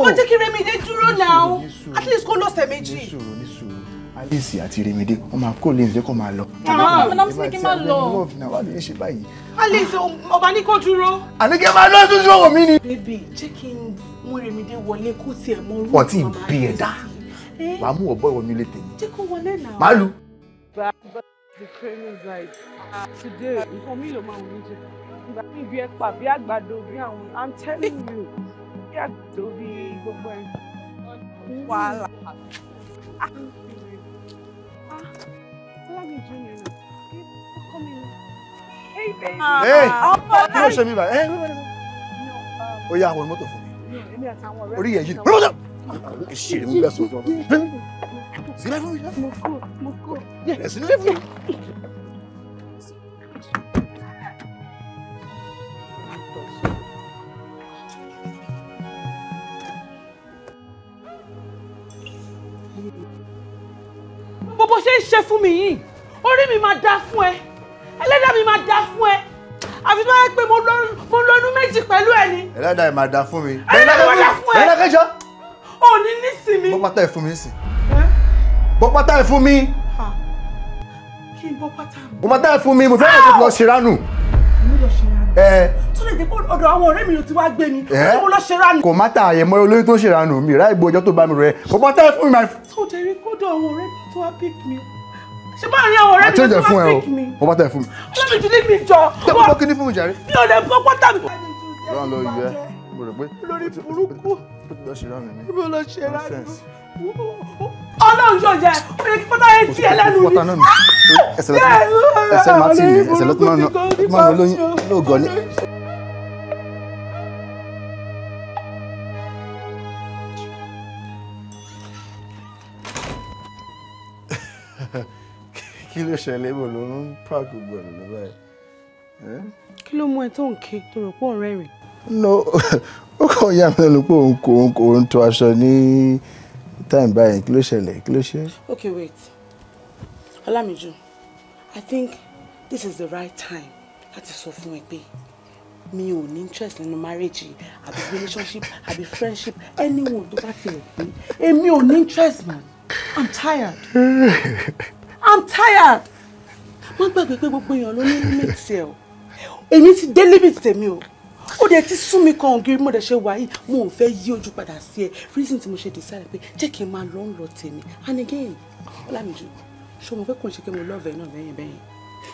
ọba jẹ́ kí Remide dúró náà at least kó lọ́sẹ̀ méjì. Alice àti Remide wọn máa kó lẹ́yìn lẹ́kọ̀ọ́ máa lọ. Ah, Alice ọba ní kó dúró. àníkẹ́ máa lọ sí ìṣòwò mi ni. bébì jẹ́ kí n mú Remide wọlé kó tiẹ̀ mọ orúkọ màmá Alice. bí ẹ̀dá. Eh? màá mú ọ̀bọ ìwọ nílé tèmi màá lu. the training is today nǹkan mi ló máa wù mí jẹ ìgbà mi bí ẹ̀pà bí àgbàdo bí àwọn i'm telling you bí àgbàdo bí gbogbo ẹ̀ wàhálà. Ọlámi jù ah, oh, mí Ó yá àwọn mọ́tò fún mi. Orí yẹ̀ yìí ẹ ṣe èmi bẹ́ẹ̀ sọ̀rọ̀ sílẹ̀ fún mi. mo kọ mo kọ. yẹ sílẹ̀ fún mi. bó ṣe ń ṣe fún mi yìí orí mi máa dá mi máa dá fún ẹ àfi tó bá yẹ mo lónú méjì pẹ̀lú ẹ ni. ẹlẹ́dàá mi máa dá fún mi. ẹlẹ́dàá mi máa dá fún ẹ. ẹlẹ́dàá mi máa ò ní nísìmí. bọ́ pátá ẹ̀ fún mi nísìn. bọ́ pátá ẹ̀ fún mi. kí n bọ́ pátá mi. bọ́ pátá ẹ̀ fún mi mo fẹ́ràn tó lọ ṣeránù. mo lọ ṣeránù. ẹ tó lè dé kó ọ̀dọ̀ àwọn ọ̀rẹ́ mi ló ti wá gbé ni mo lọ ṣeránù. kò má ta àyẹ̀mọ olóyún tó ń ṣèrànù mi ìrá ìgbòjọ́ tó bá mi rẹ bọ́ ẹ̀ fún mi. tó dẹ̀ rí kó dọ̀ ọ̀rẹ́ tó wá pick me ṣe máa rí àwọn ọ̀rẹ́ mi tó máa pick me. mo bá tẹ̀ fún mi. ọlọ́run ti ní mi jọ. tẹ́kọ̀ ló kí ní fún mi jàre. mi ò lè gbọ́ pátá lórí burúkú bó ló ṣe rà mí ọlọ́run yóò jẹ no, yẹn tiẹ̀ lẹ́nu mi. ẹsẹ̀ martin ẹsẹ̀ lọ́kùnmáà lóyún lóògọ́ ni. kí no, ṣẹlẹ̀ bò ló ń pààkì gbọ̀nà báyìí. kí ló mú ẹ tó ń ké tó rò pọ̀ ọ̀rẹ́ rẹ̀ no ó kàn yà mí lẹ́nu pé òun kò òun kò ń tò aṣọ ní time báyìí kí ló ṣẹlẹ̀ kí ló ṣe. okay wait Ọlámíjú i think this is the right time láti sọ fún ẹ pé mi ò ní interest nínú marriage àbí relationship àbí friendship anyone tó bá ti rẹ̀ pé èmi ò ní interest man i'm tired i'm tired wọ́n gbàgbé pé gbogbo èèyàn ló ní limit ẹ̀ o èmi ti dé limit tèmi o ó dẹ̀ ti sún mi kan ògiri mo dẹ̀ ṣe wà mo ò fẹ́ yí ojú padà sí ẹ reason tí mo ṣe decide pé jẹ́ kí n máa lọ ń lọ tèmi and again ọlámìjú ṣé o mọ̀ pé kò ń ṣe pé mo love ẹ náà bẹ́yìn bẹ́yìn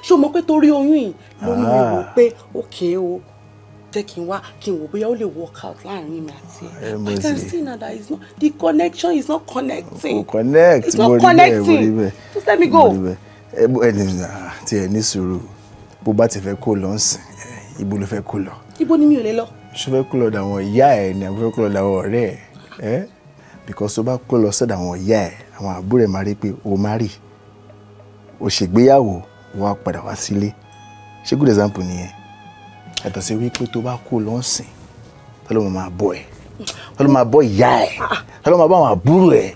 ṣé o mọ̀ pé torí oyún yìí ló ní mi rò pé òkè o jẹ́ kí n wá kí n wò bóyá ó lè work out láàrin mi àti ẹ eh, I can see now that it's not the connection is not connecting kò connect it's not connecting just let me go. ẹ ẹ ti ẹ ní sùúrù bó bá ti fẹ́ kó lọ ń sìn eh, ibo ló fẹ́ kó lọ ibo ni mi ò lè lọ. ṣé fẹ́ kó lọ dà ìyá ẹ̀ ni àbí fẹ́ kó lọ dà wọ́n ọ̀rẹ́ ẹ̀ ẹ́ because tó bá kó lọ sọ́dọ̀ àwọn ìyá ẹ̀ àwọn àbúrò ẹ̀ máa rí pé o máa rì o ṣègbéyàwó wọ́n á padà wá sílé ṣé good example nìyẹn yàtọ̀ sí wípé tó bá kó lọ sìn tó ló máa bọ̀ ẹ̀ tó máa bọ̀ ìyá ẹ̀ tó máa bọ̀ àwọn àbúrò ẹ̀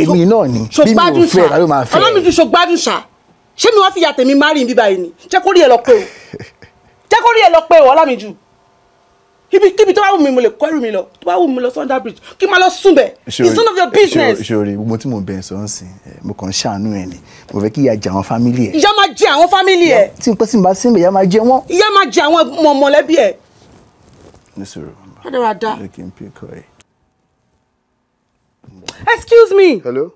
èmi náà ni bí mi ò fẹ́ ẹ̀ ló máa fẹ́ ẹ̀. ọlọ́run ti ṣògbádùn ṣá ṣé mi wá fi yàtẹ̀ mi má rìn bíbá yìí ni jẹ́ kó rí ẹ lọ pé o. jẹ́ kó rí ẹ lọ pé ìwọ Ọlámìjú ibikíbi tó bá wù mí mo lè kọ́ ẹrù mi lọ tó bá wù mí lọ sí under bridge kí n máa lọ sùn bẹ̀ it's none of your business. ìṣòro gbogbo tí mo bẹ̀rẹ̀ sọ̀rọ̀ sí mo kàn ń ṣàánú ẹ̀ ni mo fẹ́ kí ìyá jẹ àwọn fámìlì ẹ̀. ìyá máa jẹ àwọn fámìlì ẹ̀. tí n pẹ́ tí n bá sí ìyá máa jẹ wọ́n. ìyá máa jẹ àwọn mọ̀mọ́lẹ́bí ẹ̀. nísòro rádaràda. excuse me. hello.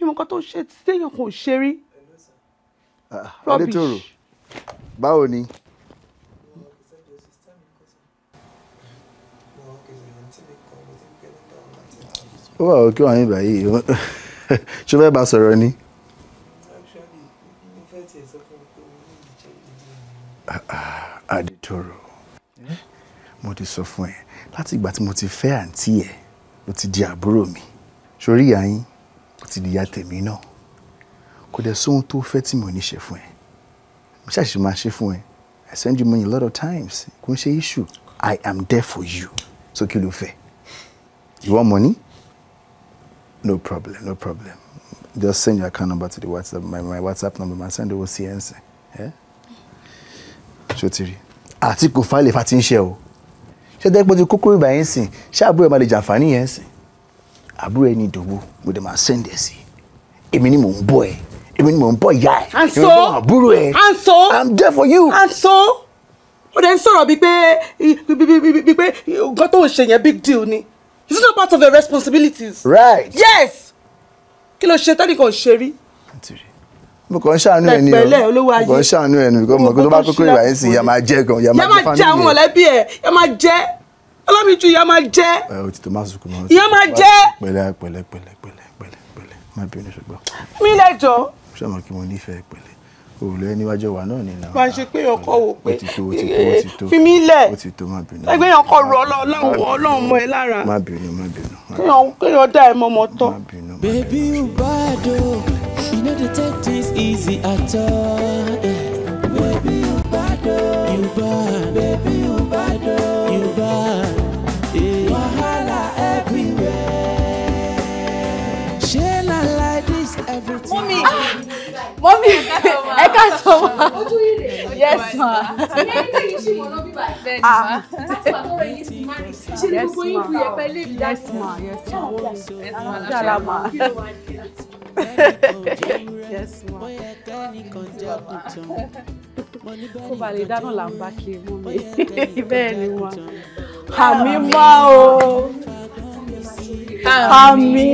mi mo kọ́ tó ṣe tí téèyàn ó wà ó kí wọ́n yín báyìí ṣé fẹ́ bá sọ̀rọ̀ ni. Ah, aditoro mo ti sọ fún ẹ láti ìgbà tí mo ti fẹ́ àǹtí ẹ ló ti di àbúrò mi sórí ìyá yín ó ti di ìyá tèmi náà kò dẹ̀ sóhun tó fẹ́ tí mo ní ṣe fún ẹ mo ṣàṣì máa ṣe fún ẹ I send you money a lot of times kò ń ṣe issue I am there for you so kí ló fẹ́ you want money. No problem, no problem. Just send your account number to the WhatsApp, my, my WhatsApp number, my send owó sí ẹ̀ ń sìn. Eh? Ṣòtìrì. Àti kò fáìlì fa ti ń ṣe o. Ṣé dẹ́gbẹ́ ti kókó ìgbà yẹn sìn? Ṣé àbúrò ẹ̀ máa Abu jàǹfààní yẹn sìn? Àbúrò ẹ̀ send ẹ̀ sí. Èmi ni mò ń bọ̀ ẹ̀. Èmi ni mò ń bọ̀ ìyá ẹ̀. À so. Èmi ni And so. I'm there for you. And so. Ó dẹ̀ ń sọ̀rọ̀ bíi pé bíi pé nǹkan tó ń big deal ni is it not part of your responsibilities. right. yes kí ló ṣe tẹ́lẹ̀ kan ṣe rí. mo kàn ń ṣàánú ẹ ní o mo kàn ń ṣàánú ẹ ní o mo kàn tó bá kókó ìwà yẹn sì yà máa jẹ gan yà máa jẹ family yẹn. yà máa jẹ àwọn ọ̀lẹ́bí ẹ̀ yà máa jẹ ọlọ́mìjú yà máa jẹ. ẹ o ti tó máa sunkún máa sunkún. yà máa jẹ. pẹ̀lẹ́ pẹ̀lẹ́ pẹ̀lẹ́ pẹ̀lẹ́ pẹ̀lẹ́ má bínú ṣùgbọ́n. mi lẹjọ. ṣé àwọn kí mo nífẹ̀ẹ́ pẹ̀lẹ́ òòlù ẹni wájú wa náà nínú. bá ọkọ wò pé fimi lẹ ẹgbẹ́ yẹn rọ ọlọ́run ọlọ́run mọ́ ẹ lára kéèyàn dá ẹ mọ́mọ́ tọ́. baby you bad o oh. you no dey take things easy at all. Eh, baby you bad o oh. you bad mọ́mí ẹ ká sọ ma ojú ire yes ma ẹgbẹ́ yìí ṣì mọ̀ náà bíbá bẹ́ẹ̀ ni ah. ma láti wà tó rẹ̀ yìí ma. máa rí ṣe ni gbogbo ma. bu yẹpẹ lè bí yes ma yes ma yàrá ma yes ma kó ba lè dáná là ń bá kiri mú mi bẹ́ẹ̀ ni wa àmì má o àmì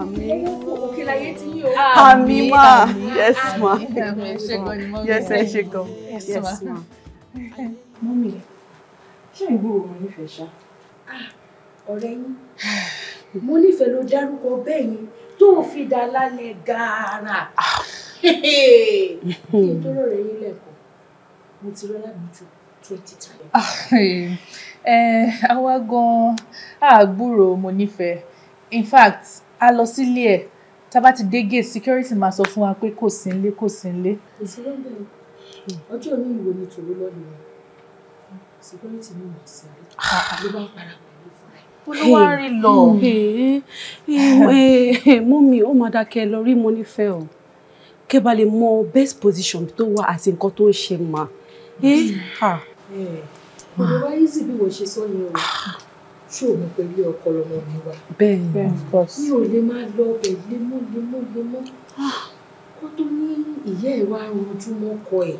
àmì àmì mà yes ma yes ẹ ṣe gan yes ma. mọ́mí ṣé ìgbòho mo nífẹ̀ẹ́ ṣá. Ah, ọ̀rẹ́ yín mo nífẹ̀ẹ́ ló dárúkọ bẹ́ẹ̀ yẹn tó fi dá lálẹ́ gààrà kí n tó yín lẹ́kọ̀ọ́ mo ti rọ́lá mi twenty times. ẹ eh, àwa gan-an àgbúrò mo nífẹ̀ẹ́ in fact a lọ sílé ẹ̀ tá a bá ti dé gate security máa sọ fún wa pé kò sí nílé kò sí nílé. kò sí lọ́dọ̀ ọjọ́ mi ìwò ni tòró lọ́dọ̀ rẹ̀ security mi ò sí ah. ló bá para pẹ̀lú fún ẹ. lọ. mú ó máa dákẹ́ lọ rí mo nífẹ̀ẹ́ o kẹ́ bá lè mọ best position tó wà àti nǹkan tó ń ṣe mà. Eh. Ah. olùwárí sì bí wọ́n ṣe sọ ni o. Ah ṣòwò pẹ̀lú ọpọlọ ọmọ mi wa. bẹ́ẹ̀ni of course. mi ò lè máa lọ ọbẹ̀ lemọ́ lemọ́ lemọ́ ah! kó tó ní ìyá ẹ̀ wá rojú mọ́kọ ẹ̀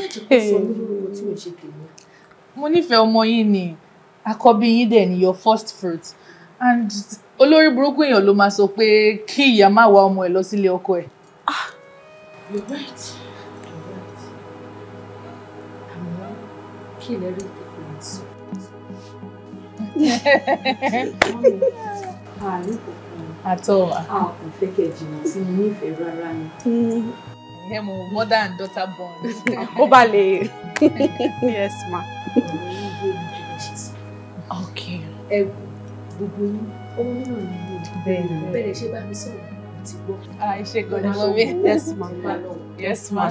láti ah! kó sọ mí lórí ohun tí mo ṣe tèmi. mo nífẹ̀ẹ́ ọmọ yín ni àkọ́bí yín dẹ̀ ni your first fruit and olórí burúkú èèyàn ló máa sọ pé kí ìyá má wá ọmọ ẹ̀ lọ sílé ọkọ ẹ̀. Ah! you're right you're right àmọ́ kí lè rí i àtọ̀ wa. a kò fẹ́ kẹ́ jìnnà sí mi nífẹ̀ẹ́ rárá ni. mother and daughter bond. Obale. yes ma. Okay. ẹ gbogbo yín ó ń rìn ní ìdílé bẹ́ẹ̀ ni bẹ́ẹ̀ ti gbọ́. àìṣe gan ni mo mi yes ma yes ma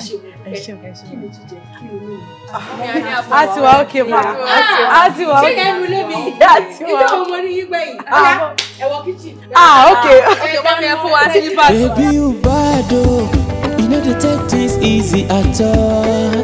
a ti wá ókè ma a ti wá ókè. ṣé ẹnu lé mi ìjọ òun mo ní yí gbẹ̀yìn ah. ẹ̀wọ̀ kitchen. ah okay. Ah, ọ̀kẹ́ bá mi ẹ fún wa sí ní bá a sọ. you bad o oh. you things easy at all.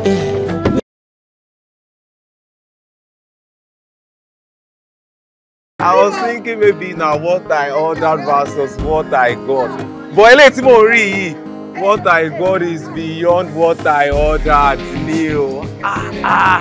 I was thinking maybe now what I ordered versus what I got bọ̀ eléyìí tí mò ń rí yìí What I got is beyond what I ordered ni o. Ah, ah.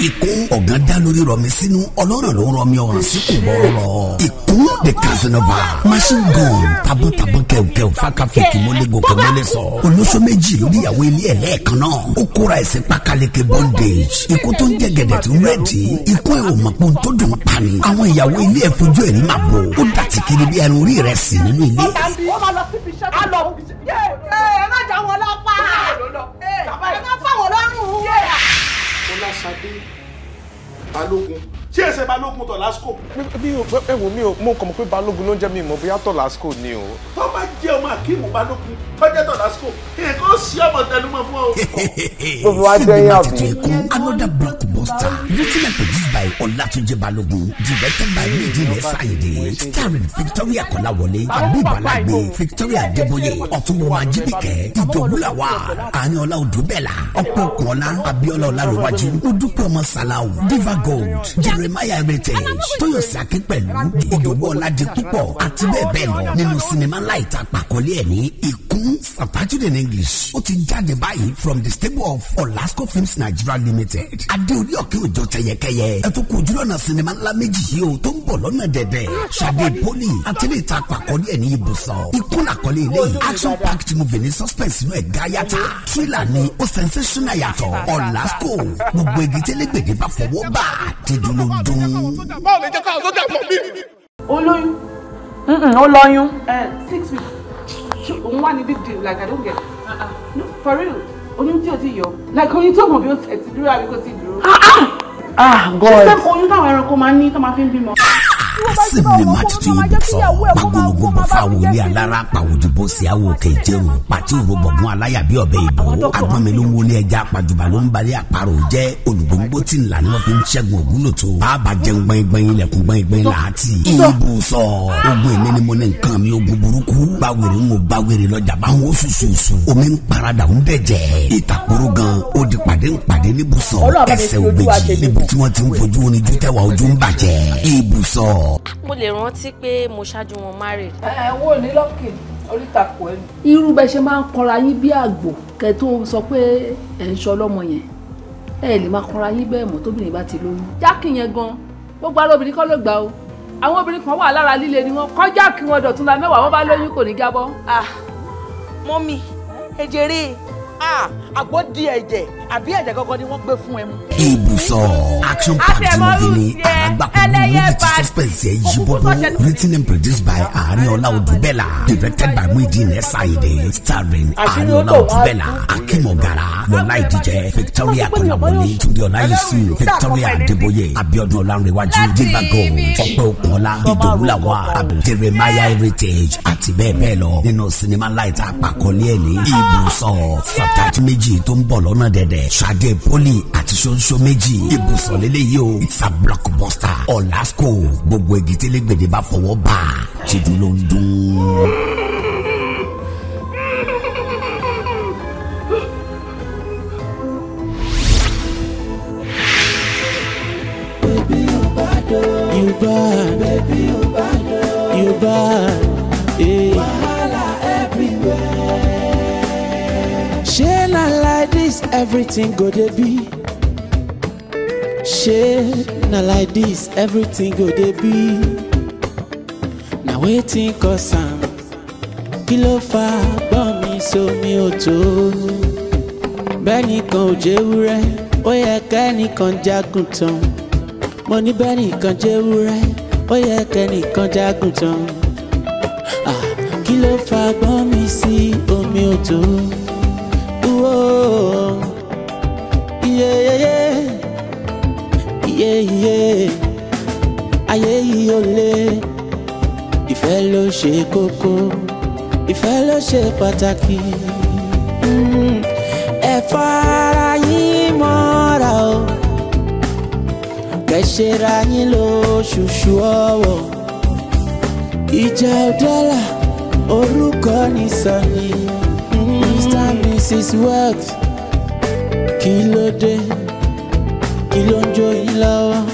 Ikú ọ̀gán dá lórí rọmi sínú ọlọ́rọ̀ ló rọmi ọ̀ràn sí kò bọ̀rọ̀. Ikú the Casanova machine gun tabantaban kẹ̀kẹ́ fakafẹ́kì mọ́lẹ́gbọ̀ kẹ́mọ́lẹ́ sọ. Olóṣó méjì lórí ìyàwó ilé ẹ̀ lẹ́ẹ̀kan náà. Ó kóra ẹ̀sìn pákáleke bondage. Ikú tó ń jẹ gẹ̀dẹ̀ tó ń rẹ̀dí. Ikú ẹ̀ ò mọ̀ pé ohun tó dùn pa ni. Àwọn ìyàwó ilé ẹ̀ fojú ẹ̀rí màbo. Ó dàtí kiri bí ẹran orí rẹ̀ sí nínú ilé ẹ má jà wọn lọ́pàá ẹ má fáwọn lọ́rùn. ọlásàdé balógun ṣé ẹsẹ balógun tọ lásìkò. mi ò ẹ wò mí o mo kàn mọ̀ pé balógun ló ń jẹ́ mi mọ̀ bóyá tọ lásìkò ni o. tó bá jẹ akeemu balógun tọ́jẹ́tọ̀ lásìkò èkó sí ọmọ tẹnumọ́ fún ọ. gbogbo wa jẹ́ yàn bí. another blockbuster written and produced by ọlátúnjẹ Balogun. directed by méjìlẹ̀ sáyidé starring victoria kọ́láwọlé abúbalagbe victoria Deboye. ọ̀túnbọ̀mọ ajíbìkẹ́ ìdòwúlàwà àyànlá odùbẹ̀là ọ̀pọ̀ ọ̀kọ́lá abíọ́lá ọ̀làlùwájú odúpẹ́ ọmọ sàlàwù diva gold jeremiah heritage tóyọ̀sí akínpẹ̀lú ìdòwú ọ̀làdẹ́púpọ̀ àti bẹ́ẹ̀ bẹ́ẹ̀ lọ nínú sinimá láìta pàkọ́lé àkọlé ẹ̀ ní ikú subtitled in English ó ti jáde báyìí from the stable of Olasco Films Nigeria Limited adéolú ọ̀kẹ́ òjò tẹ̀yẹkẹyẹ ẹ tún kó ojú lọ́nà sinimá ńlá méjì yìí o tó ń bọ̀ lọ́nà dẹ̀dẹ̀ Ṣadé Bólì àtẹlẹ́ ìta àkọlé ẹ̀ ní ibùsọ̀ ikú làkọlé ilé yìí action packed movie ní suspense inú ẹ̀ ga yàtà thriller ni ó sensational yàtọ̀ Olasco gbogbo igi tẹ́lẹ̀gbẹ̀dẹ̀ bá fọwọ́ bá dídùn ló ń olóyún ó eh, six weeks òun wà ní dídì like I don't get no for real oyún tí o ti yọ like oyún tí o mọ̀ bí o tẹ̀ ti dúró àbí kò ti dúró. ah, ah. ah God ṣé oyún táwọn ẹranko máa ń ní tó asẹ́mìlẹ́mà tuntun yìí bò sọ gbogbologbo bò fa wòlé alára pàwòdìbò sí àwọn òkè ìjẹun pàtí òrò bọ̀gún aláyà bí ọ̀bẹ ìbò agbọ́nmi ló ń wọlé ẹja pàjùbà ló ń balẹ̀ àparò jẹ́ olùgbòǹgbò tí ń là ní fi ń ṣẹ́gun ògún lòtò bàbá jẹun gbẹ̀ngbẹ̀ng lẹ̀kùn gbẹ̀ngbẹ̀ng làátì ìbò sọ ogun èmi ni mo ní nǹkan mi ogun burúkú báwèrè ń wo báwèrè lọ́jà bá ń omi ń parada ń bẹ̀ jẹ́ ìtàkùrú gan ó di pàdé ń pàdé níbùsọ̀ ẹsẹ̀ ògbèjì níbi tí wọ́n ti ń fojú oníjú tẹ́wàá ojú ń bàjẹ́ ìbùsọ̀ mọ́. mo lè rántí pé mo ṣáájú wọn márè. ẹ wo ní lọ́kì oríta kò ẹnu. irú bẹ́ẹ̀ ṣe máa ń kanra yín bí àgbò kẹ́ tó sọ pé ẹ̀ ń ṣọlọ́mọ yẹn ẹ lè máa kanra yín bẹ́ẹ̀ mọ́ tóbìnrin bá ti lóyún. jákì yẹn gan gbogbo ara obìnrin kọ́ ló gbà o àwọn obìnrin kan wà lára líle ni wọ́n kọjá kí wọ́n dọ̀tún la mẹ́wàá wọ́n bá lóyún kò ní jábọ́. Ah, mọ́mí ẹ jẹ́rìí àgbo di ẹ̀jẹ̀ àbí ẹ̀jẹ̀ gangan ni wọ́n gbé fún ẹ mu. ibùsọ̀ action packed movie ni alágbàkúndùn movie suspense ẹ̀ yí bọ́bọ́ written and produced by ariola odubela directed by muideen ẹ̀sáyidé starring ariola odubela Akimogara, ogara lọ́lá ìdíjẹ́ victoria kọ́nàmọ́lé túndé ọláyẹsù victoria adébóyè abiodun ọlárẹ̀wájú diva gold ọpẹ́ òkúnọlá ìdòwúlàwà jeremiah heritage àti bẹ́ẹ̀ bẹ́ẹ̀ lọ nínú sinimá láìta àpàkọ́lé ẹ̀ ní sọ àtàtì méjì tó ń bọ̀ lọ́nà dẹ̀dẹ̀ sade poli àti ṣoṣo méjì ibùsọ̀ lélẹ́yìí o it's a blockbuster ọ̀làsco gbogbo egi tẹ́lẹ̀ gbèdé bá fọwọ́ bá ṣèdúró ń dún. dis everything go dey be shey na like this. everything go dey be na wetin cause am kí ló fà gbọ́ mi sómi ò tó bẹ́nìkan ò jẹ́wúrẹ́ ó yẹ kẹ́nìkan jagun tán mo ní bẹ́nìkan jẹ́wúrẹ́ ó yẹ kẹ́nìkan jagun tán ah, kí ló fà gbọ́ mi sí omi ò tó yeye yeye ayé yìí ò lè ìfẹ́ ló ṣe kókó ìfẹ́ ló ṣe pàtàkì ẹ fara yín mọ́ra o kẹsẹ̀ra yín lóṣooṣù ọ̀wọ̀ ìjà ọ̀dọ́là orúkọ ní sọ́ni. Mrs. Worth kí ló dé kí ló ń jó yín lọ́wọ́.